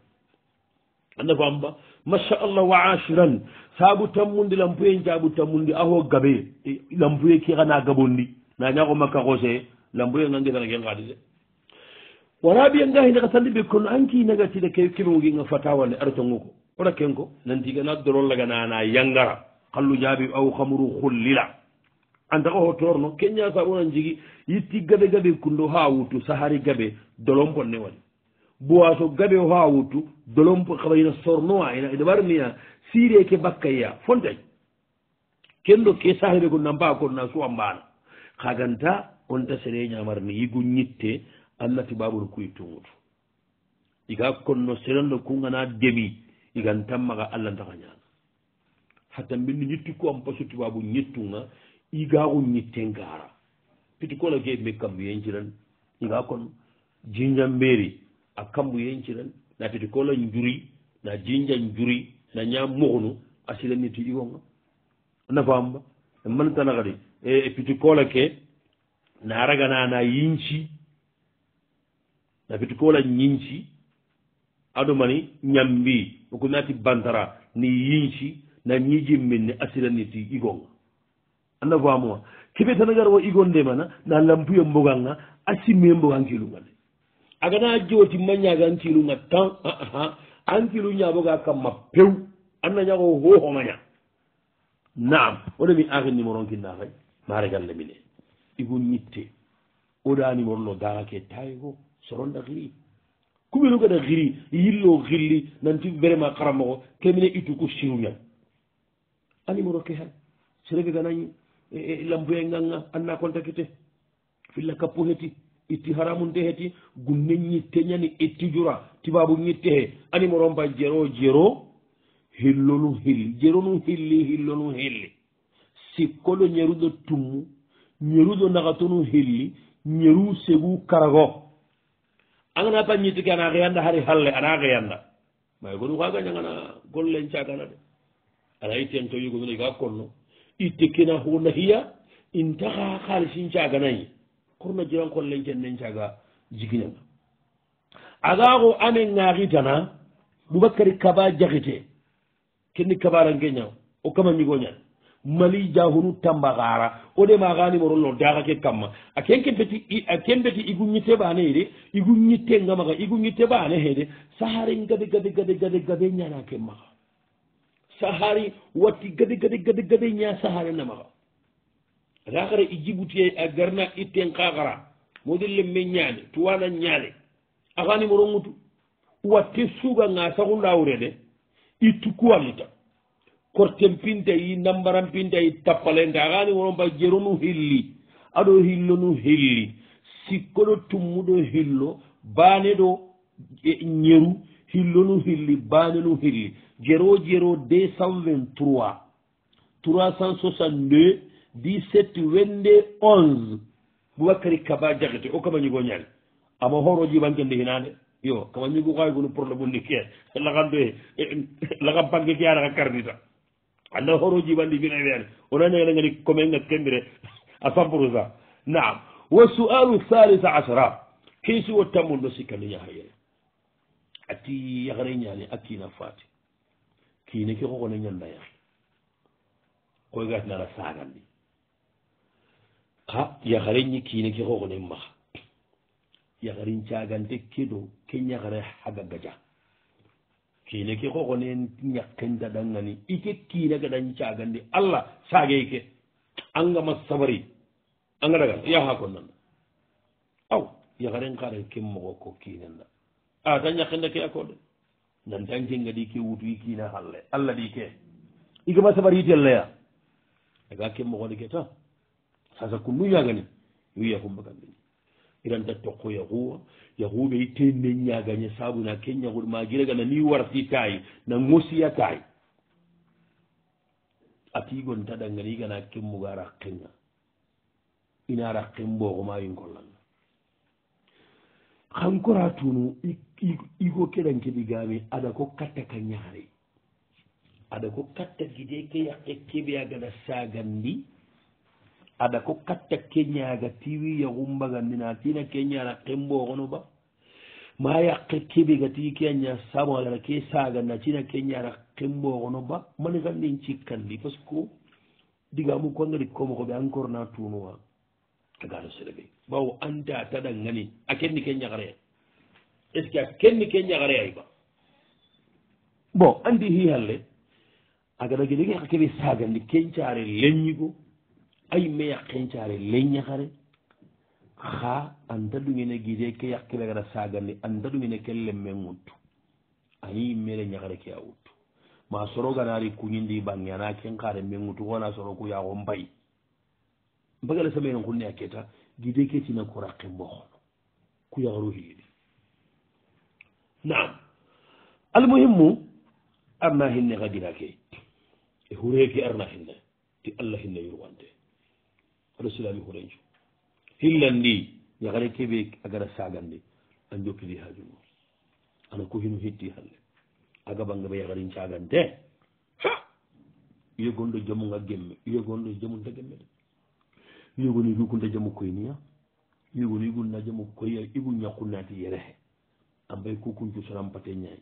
anda ko amba machallah wa ashiran saabu tammundi lampuye jaabu tammundi aho gabe e, lampuye kiixana gabondi nañaako makka xose lampuye ngangetana ken xaalise warabiya ngaxine xa sandi ɓe kono anki nagatide ke kimeuginga fatawale aratongo ko ora ken ko nantigana dorollaganana yangara xallu jaabi aw xamuru xullila antaxa xo torno kenñasaɓona jigi yitti gabe gabe kundo ha wutu sahari gabe dolon ponne wani bowaso gaɓe ha wuttu dolomp kawayna sornoa ina ina warmiya sireke bakkaya fontay kendo ke sahibe ko nampa konna suwa mbana haganta on tasereñamarni yigu ñitte allah tubabuno kuy tunguto iga konno serenno kugana demi igan tammaga allah ntaka ñana hatta mbinno ñitti ko am pasu tubabu ñittunga igaku ñitte ngara piti kolo ke mbe kam yenciran iga kon jinjamberi a kambu yencinan na feti kola njuri na jinja njuri na ñam mugunu a silani ti iwonga nafamba mantanakadi e, e piti kola ke na ragana na yinci na feti kola ñinci adumani ñambi okunati bantara ni yinci na ñijimminni a silani ti igonga nafamuwa keɓe tanagar wo igondemana na lampuye mbogan ga a simme mbogan kilungade agana jooti ma ñaaga ankiilu ŋa tan ankiilu ñaaboga kamma pew an na ñaago hoohoma ña naam wo de mi aki numoronkinna fay maaregalle mine igu ñitte o da numoro no gaara ke taayego soronda xiri kumenu gada xiri yillo xilli nanti vraiment xaramoxo ke mine ituku siruñan a numoro ke xa sereke ganañi e, e, lampuyenganga an na contacte filla kappu heti itti haramunde heti gumne ñitteñani itti jura tibabu ñittehe animoromba jero jero hillonu hilli jeronu hilli hillonu hilli sikkolo ñeruɗo tummu ñeruɗo nakatonu hilli ñeru segu karago angana pa ñittike ana xeyanda hari halle ana xeyanda mai goni ko agañangana gollen cagana de ana itten to yigomine iga konno itte kena hona hiya intaxa xalisin caganayi kurna jiran kollen kennen caga jiginen agaxo ane ngaxitana ɗubakari kaba jaxite kenni kabarankeña o kama ñigoñan mali jahunu tamba xara o de maxa numéro lo daxa ke kamma akenkepeti a ken beti igu ñitte bane yede igu ñitte nga maxa igu ñitte bane xede sahari gade gade gade gade gade ñana ke maxa sahari watti gade gade gade gade ña saharena maxa rakara i jibutiye a garna itten kakara modelle me ñaane tuwana ñaane aka numéro ŋutu watte suga ŋa sagundawurede i tukuwalita kortenpinta yi nambaranpinta yi tappalente aka numéro ba jeronu hilli aɗo hillonu hilli sikkoɗo tummuɗo hillo baneɗo ñeru e, hillonu hilli banenu hilli jero jero deux cent vingt trois trois cent soixante deux dix sept wende onze boubacary kaba jagete o kama ñigo ñaani ama horo jibankende hinande yo kama ñigo xaay gono probléme ndi ke laxante laxa banque ke araxa carnita anda horo jibandi vina weane ona ñagalengani commen nga kembire a cent pourcent naam wa sualu halitha asara kesi wo tammundo sikkandi ñaxayere ati yaxare ñaani a kiina faati kiine ke xoxone ñandayaxi koy gatinara sagandi ha yakarenñi kiine ki xooxonen maxa yakarin caagante ke do ke ñakare xaga gaja kiine ki xooxoneen ñaqken daɗangani ike kiine gaɗañi caagandi allah saagey ke angama sabari anga ɗagan yaha kon nanda aw yakaren xaren ke moxo ko kiinenda ata ñaqenda ke a kode nanta njenga ɗi ke wutu i kiine xalle allah ɗi ke igama sabari itelleya aga ke moxoni ke ta sasa ko nu ñagani yo yahumba gandañi iran ta tokko yahuwa yahuɓe yi e tenne ñagañe sabuna keñagol ma guiregana ni warsi tayi na gosiya tayi atigontaɗangani gana kemmuga rakkenga ina rakken mbogo ma yin kollanga hankora tunu igo keɗankeɗi game aɗa ko katta ka ñaare aɗa ko katta gide ke yakke keɓe a gaɗa sagandi aɗa ko katta keñaga tiwi ya gumbagandina tina keña ala kemɓogono ba ma yakke keɓiga tii keña samoadana ke saganna tina keña ala kemɓogono ba mani gandin cikkandi par ce que digamu kongadi komokoɓe encore na tunowa agaɗo selebe bawo anta taɗangani a kenni keñagareya est ce que a kenni keñagareyay ba bon andi hi halle agaɗa gueɗegeha keɓe sagandi kencare leñigo ay meyak kencaare leñaxare xa andaɗungene gide ke yak kilagara saganne andaɗungene ke lemmenguttu ayi mere ñaxare ke a wuttu ma sorogaanaari kuñindi bangeana ken xaare menguttu wona soro ku yaaxo mbay mbagala samene xunne a keta gide ke tina koraqe mboxono ku yaxaru hiidi naam almuhimu arna hinne xa gina ke e xureeke arna hinne ti allah hinne yurwante aɗa sila mi hurenco hillan ndi yagare keɓe a gara sagande a jokkidi ha junngo ana kohino hetti halle a gaɓanga ɓe yagarin cagande ha wiyegonɗo jamuga gemme wiyegonɗo jamunta gemme de wiyegon wigunta jamu koyniya wiyegon wigunta jamu koya igu ñakkunnati yerehe ambay kukuncu sonan pate ñayi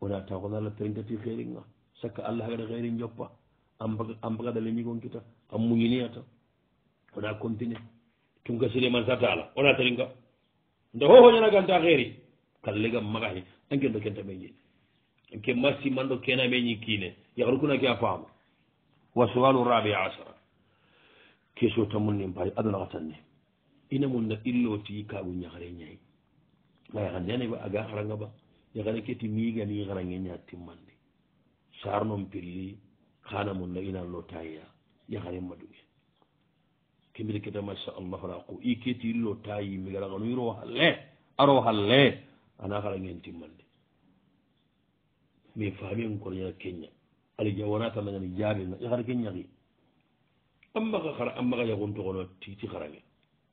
wona tawkon allah perinkati xeeringa sakka allah hagara xeerin joppa ambagadale ñigon kita a muñiniyata wona continue tunga suleiman sa taala wona taringa nde ho hoñanaganta xeeri kallega maga he anke ndo kenta meñi ke masi mando kena meñi kiine yaxru kuna ke a faamu wa sualu rabi asara keso tamunni mbaay adunaxa tanne ina mun na illooti kaagu ñaxare ñayi ngaye xan neana ba aga xaranga ba yaxare keti miigani xarange ña timmandi saarnom pilli xaana mun na ina lootaya yaxare maduge kemire kete machallah ala ko i ketirilo ta yimɓe gara kano iro halle aro halle ana kara gen timmande mais faami en kono ñana keña alija wona tandagani jaɓega i xara keñaki ammaka xara ammaka yagon toxono titi xarange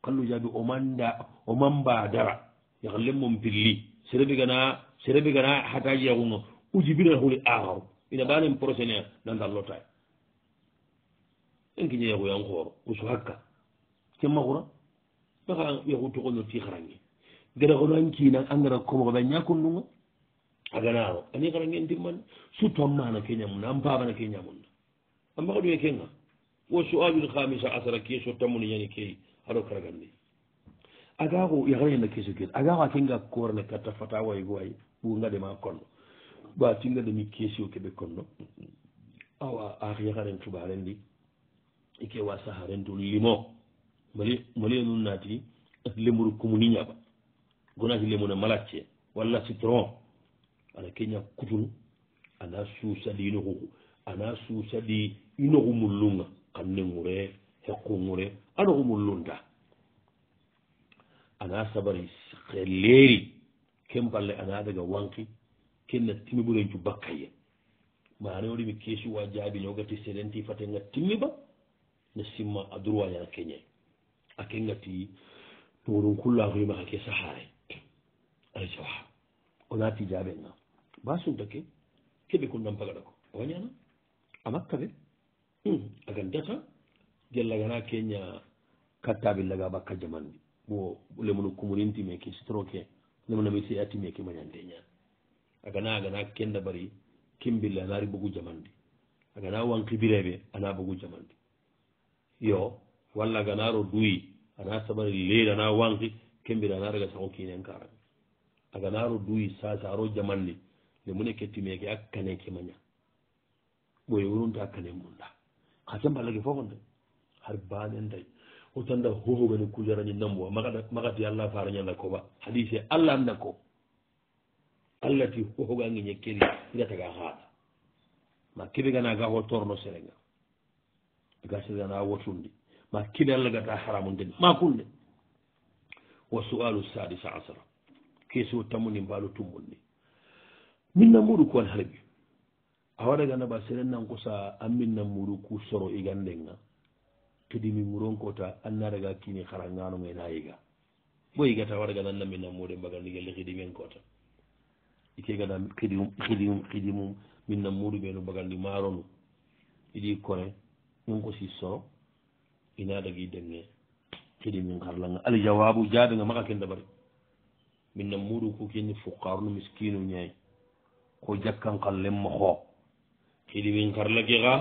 xallo jaɓi omanda oman mbadara yaxalle mom pilli serebigana serebigana xataji yaxuno ujibina xuli axaru ina ɓanen procenaire nandallotay en kiñayaxuyan xooro usu hakka ke maxura maxa yaxutuxono tixarange gerexono an kina angara komoxoɓe a ñakonnunga a ganaxo ani xarangen timmani surtout a mana feñamuna an babana feñamunna a maxaɗue kenga wo soabil xamisa asara ke sottamune ñani ke aɗo karagande agaxo yaxarayenna keso kes agaxo a kenga korana katta fata way goway buganga dema konno ba tinga demi kesio keɓe konno awa ax yaxaren cuɓaren ndi ike wa saxaren tun limo maleelu naati at lemuru kumuni ñaaɓa gonaati lemuna malacce walla citron ana keña kutunu ana suusadi inoxuxu ana suusadi inoxu mullunga xan ne ŋure hequ ŋure anoxu mullunta ana sabari xe leeri ken balle ana daga wanki ken na timi ɓurencu bakkaye maane o ɗimi keesuwa jaabi ñogati sedenti fatenga timmi ba ne simma a droit yana keñayi akengati tuwurun kullakuyima kake sahare ala sawaha o naati jaabe ga ba suntake keɓe kundan pagaɗa ko owañana a makka ɓe hmm, agan data gellagana keña kattaɓe laga bakka jamandi bo lemono kumurinti meke stroke lemono mise atti meke mañanteña e agana agana kenda bari kimbille anaari bogu jamandi agana wankibireɓe ana bogu jamandi yo walla aganaro duyi ana saɓari leyɗi ana wanki kembiri ana raga sago kinen karan agana ro duyi sasa aro jamanni le mune kettimeke akkane ke maña ɓoye wonunta akkane munda ha tembalake fofo nde har banen day o tanda hohogani kujarañi nambowa makati allah farañanda koba hadise allah anda ko allah ti hohogangi ñekkeri iɗataga haaɗa ma keɓe ganaga ho torno serenga ga serenana wotundi ma kine allagata haramu nden ma kulle wa sualu sadis asara keso tammudi mbalo tummol ni min nammuɗu ko wan harɓi a waɗa ganda ba senen nan kosa anmin nammuɗu ku soro iganndenga kadi min muronkota annaraga kini hara ganomena yiga bo yigata waɗa ga nannami nammuɗe mbagandigelle hiɗimen kota ike gada kidium kidium kidimum min nammuɗu ɓe no mbagandi maronu iɗi kone ɗum kosi soro ina ɗagi denge keɗi min karlanga aljawabu jaadanga maka ken dabari min nam muɗu kukenni fukkarnu miskinu ñaayi ko jakkan kallenma hoo keɗi min karla ke ka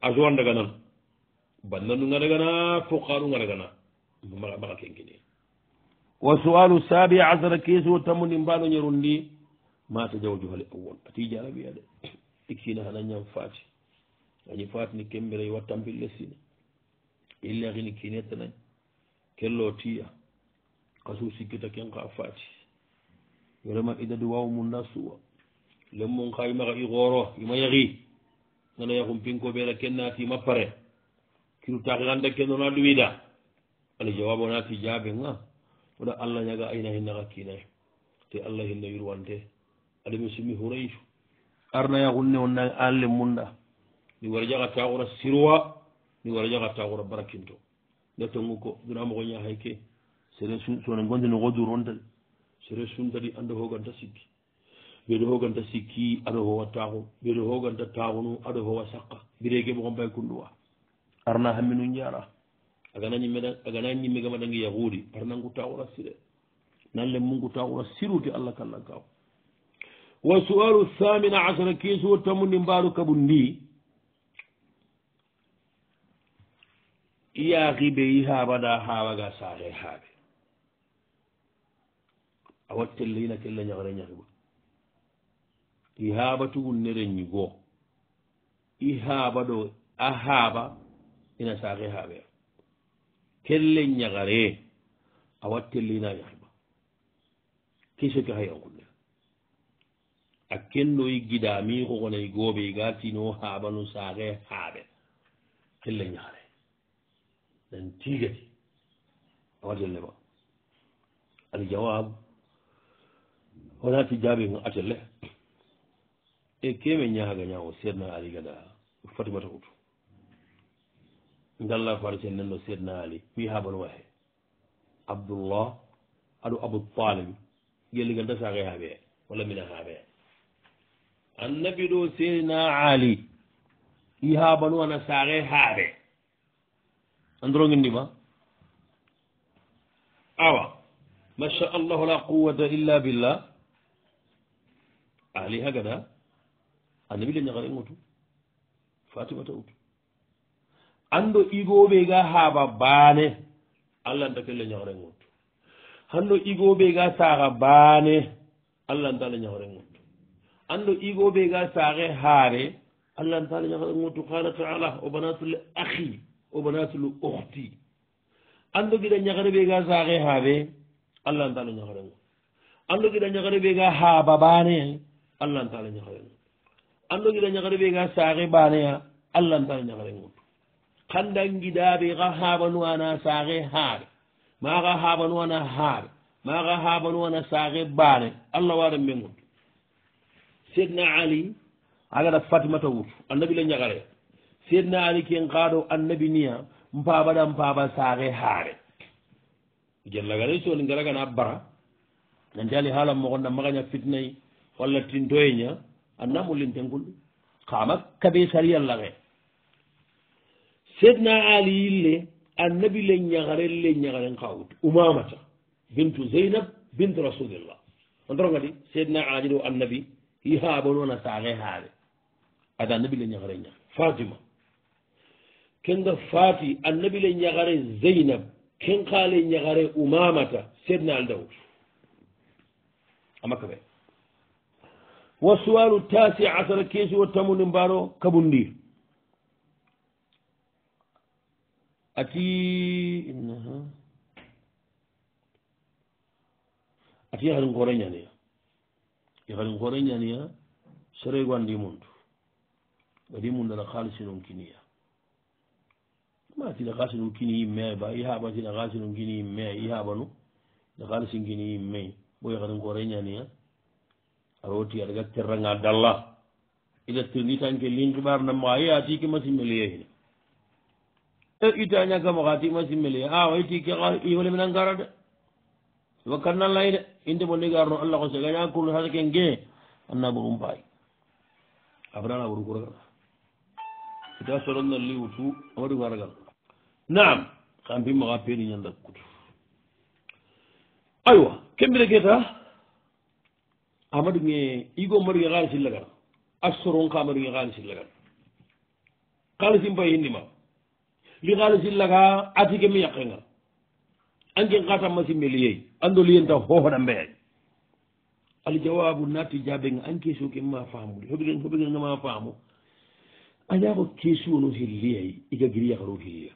asuwan daganan bannanu nga dagana fukkaru nga dagana maka, maka ken kini wa sualu sabi asara keso tammu ndi mbano ñerundi mata jawaju hale awol ati jarabiya de iksina hana ñam faati añi faatini kembere i wattan pille sina illahini kinetanan kello tiya kasu sikkita ken ka fati yorema idadu wawu mum da suwa lemmun ka imaka i goro ima yaki nana yakum pinko ɓeela ken naati mappare kiru taki anda ken ona duwida ala jawabe onaati jaabe ga oɗa allah ñaga ayna hinnaka kinayi te allah hinna yurwante aɗa mi simi hurayju arna yakunne on nag anle munda ɗi warjaka taxura sirwa ni wara jagarta kura barakinto ndettonguko dunamoko ña hay ke sere sone gondi noko dur ontadi sere suntadi anda hoganta sikki ɓeɗo hoganta sikki aɗa howa taaku ɓeɗo hoganta taakunu aɗa howa saqa ɓirekeɓoko mbay kunduwa arna hamminu jaara aganañimeaganaa ñimme gamadangi yahuudi par nanguttaakura sire nanle munguttaakura siruti allah kallankaw wa sualu lhamine asara kiisuwo tammundi mbaaru kabu ndi yaaqiɓe yi ha mbaɗa ha waga saahe haaɓe a wattelleyna kelle ñagre ñagiɓo i haaɓa tugun ne reñi goo i haaɓa ɗo a haaɓa ina saahe haaɓe kelle ñagare a wattelleyna ñagiɓo kese ke hayankunne a kennoyi giɗami kokonay gooɓe ga tino haaɓa no saahe haaɓe kelle ñagare nan tiigati awatelle e ma al jawabu wona tijaabi ko atelle e keme ñahaga ñawo seedna ali gada fatimata utu ngalla farisen nanno seedna ali wi ha bon wahe abdullah aɗo abou talibe gelli gal dasaka haɓee walla mina haɓee annabi ɗo seedna ali yi ha banu ana sare haɓee androguindima awa macha allahu la quwata illa billah ali hagada annabile ñakare ngotu fatimata utu ando igoɓe ga haaba baane allah nta kelle ñakare ngotu hanno igoɓe ga saaha baane allah nta le ñakare ngotu ando igoɓe ga saahe haare allah nta le ñakare ngotu qala taala o banatule ahi obanatul ukhti ando gida ñagare ɓe ga saxe haɓe allah ntala ñagarego ando gida ñagare ɓe ga haaba ɓaneya allah ntala ñagarego ando gida ñagare ɓe ga saxe ɓaneya allah ntala ñagarego kandan gidaɓe xa haɓanu ana saxe haɓe maxa haɓanu ana haɓe maxa haɓanu ana saxe ɓane allah waren ɓe gon sedna ali agata fatimata wutu annabila ñagarea seydna ali ken kaaɗo annabi niya mpaɓaɗan mpaɓa saaxe haare jallagala sooni ngaragana bara nanti ali haalan mogon na maxaña fitnayi walla tintoye ña anna mullinten kulle kaama kabe sariyallaxe seydna ali yille annabi le ñaxare le ñaxaren xawut umamata bintu zeynab bintu rasulillah ontorongadi seydna ali ɗo annabi yihaɓonona saaxe haare ada annabi le ñaxare ña fatima kenga faati annabi le ñagare zeynab ken kaale ñagare umamata sedna aldawud amakaɓe wa suwalu tasi asara keesi wo tamude mbaaro kabundir ati ati yahan ngoore ñaniya yahan ngoore ñaniya sereygo andi mundu adi mundu ala xaalisinon kiniya ma tiɗa kasi ɗum kini yimmey ba i haɓa tiɗa kasi ɗum kini yimmey i haɓanu ɗa kalisi kini yimmey ɓoy kadin ko reñaniya aroti aɗa gattirraga dalla ida tirni tanke linkiɓar na ma ya tiki masimmeliye hina e ita ñaggama ka tiki masimmeliye awa i tiki ka iole minan gara de wa kannallayi de indemo ndigarno allah ko segaña kurno hasaken ge anna bogum paayi abrana ɓuru kurgana ita soɗon nalli wutu amaɗum aragal naam kambimaxa peeni ñanda kutu aywa kembire geeta amaduge igo maduge xaalisi lagar a soron ka maduge xaalisi lagar xaalisi mbay hindima li xaalisi laga atike mi yaqenga angen xata masimme liyey ando liyenta xooxona mbeya al jawabu natti jabenga an question ke ma faamuli hoɓige hoɓigengema faamu a yaako question no si liyey iga giri yaxaro fi liya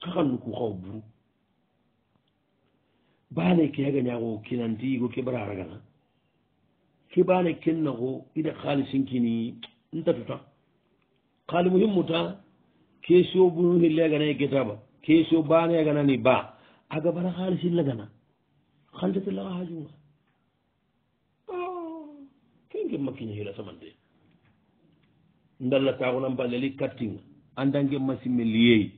kakanu ku xaw buru bane ke yaganyaxo kinanti yigo ke bararagana ke bane ken naxo ida xalisinkini ntatuta xali muhimmuta ke so bunu hille yagana ye getaba ke so bane yagana ni ba aga bara xalisin lagana xantete laxa hajuma ah, kenke makkiña hila samante ndallataxunan balleli kattinga andange masimme liyeyi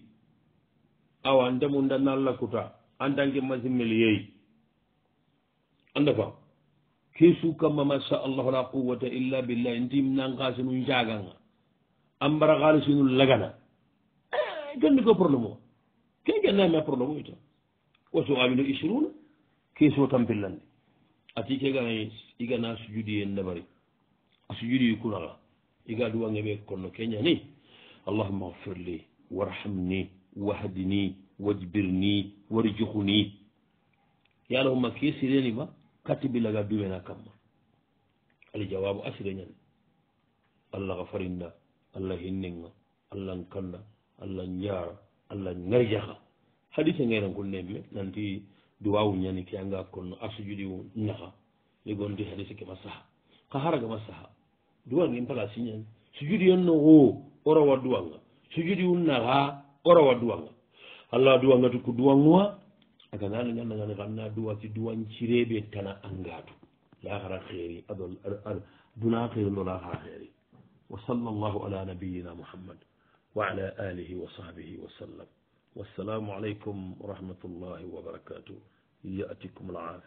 awa ndemu nda nallakuta andange masimmel yeeyi anda fa ke sukamma massa allah la quwata illa billah ndim nangasinu njaganga ambara xalisinu lagana eh, kenni ko probléme o ke gennaame probléme oyta wa suabino isruna ke so tampillandi ati kegana igana sujudi ye ndabari a sujudi yi kunaxa iga duwangeɓe konno keñani allahuma gfirli warhamni wahdini wajbirni warjuhuni ya allahumma ke sirenima katibilaga bimena kamma ali jawabu asireñani allah ga farinna allah hinninga allah n kanna allah n jara allah n garjaha hadise ngayrankunneme nanti duwawu ñani ke anga konno asujudi naha ni gonti hadise kema saha ka haragama saha duwa ngin palasiñani sujudi yonno o orawa duwanga sujudi un naha orowa duwanga allah duwa duwa aga duwangatu ko duwanguwa aganana gannagana ganna duwati duwancireɓe tana angatu lahara heeri aɗo duna heeri lola lahara khairi wa sallallahu ala nabiyyina muhammad wa ala alihi wa sahbihi wa sallam wassalamu aleykum wa rahmatullahi wa barakatuh yatikum alafia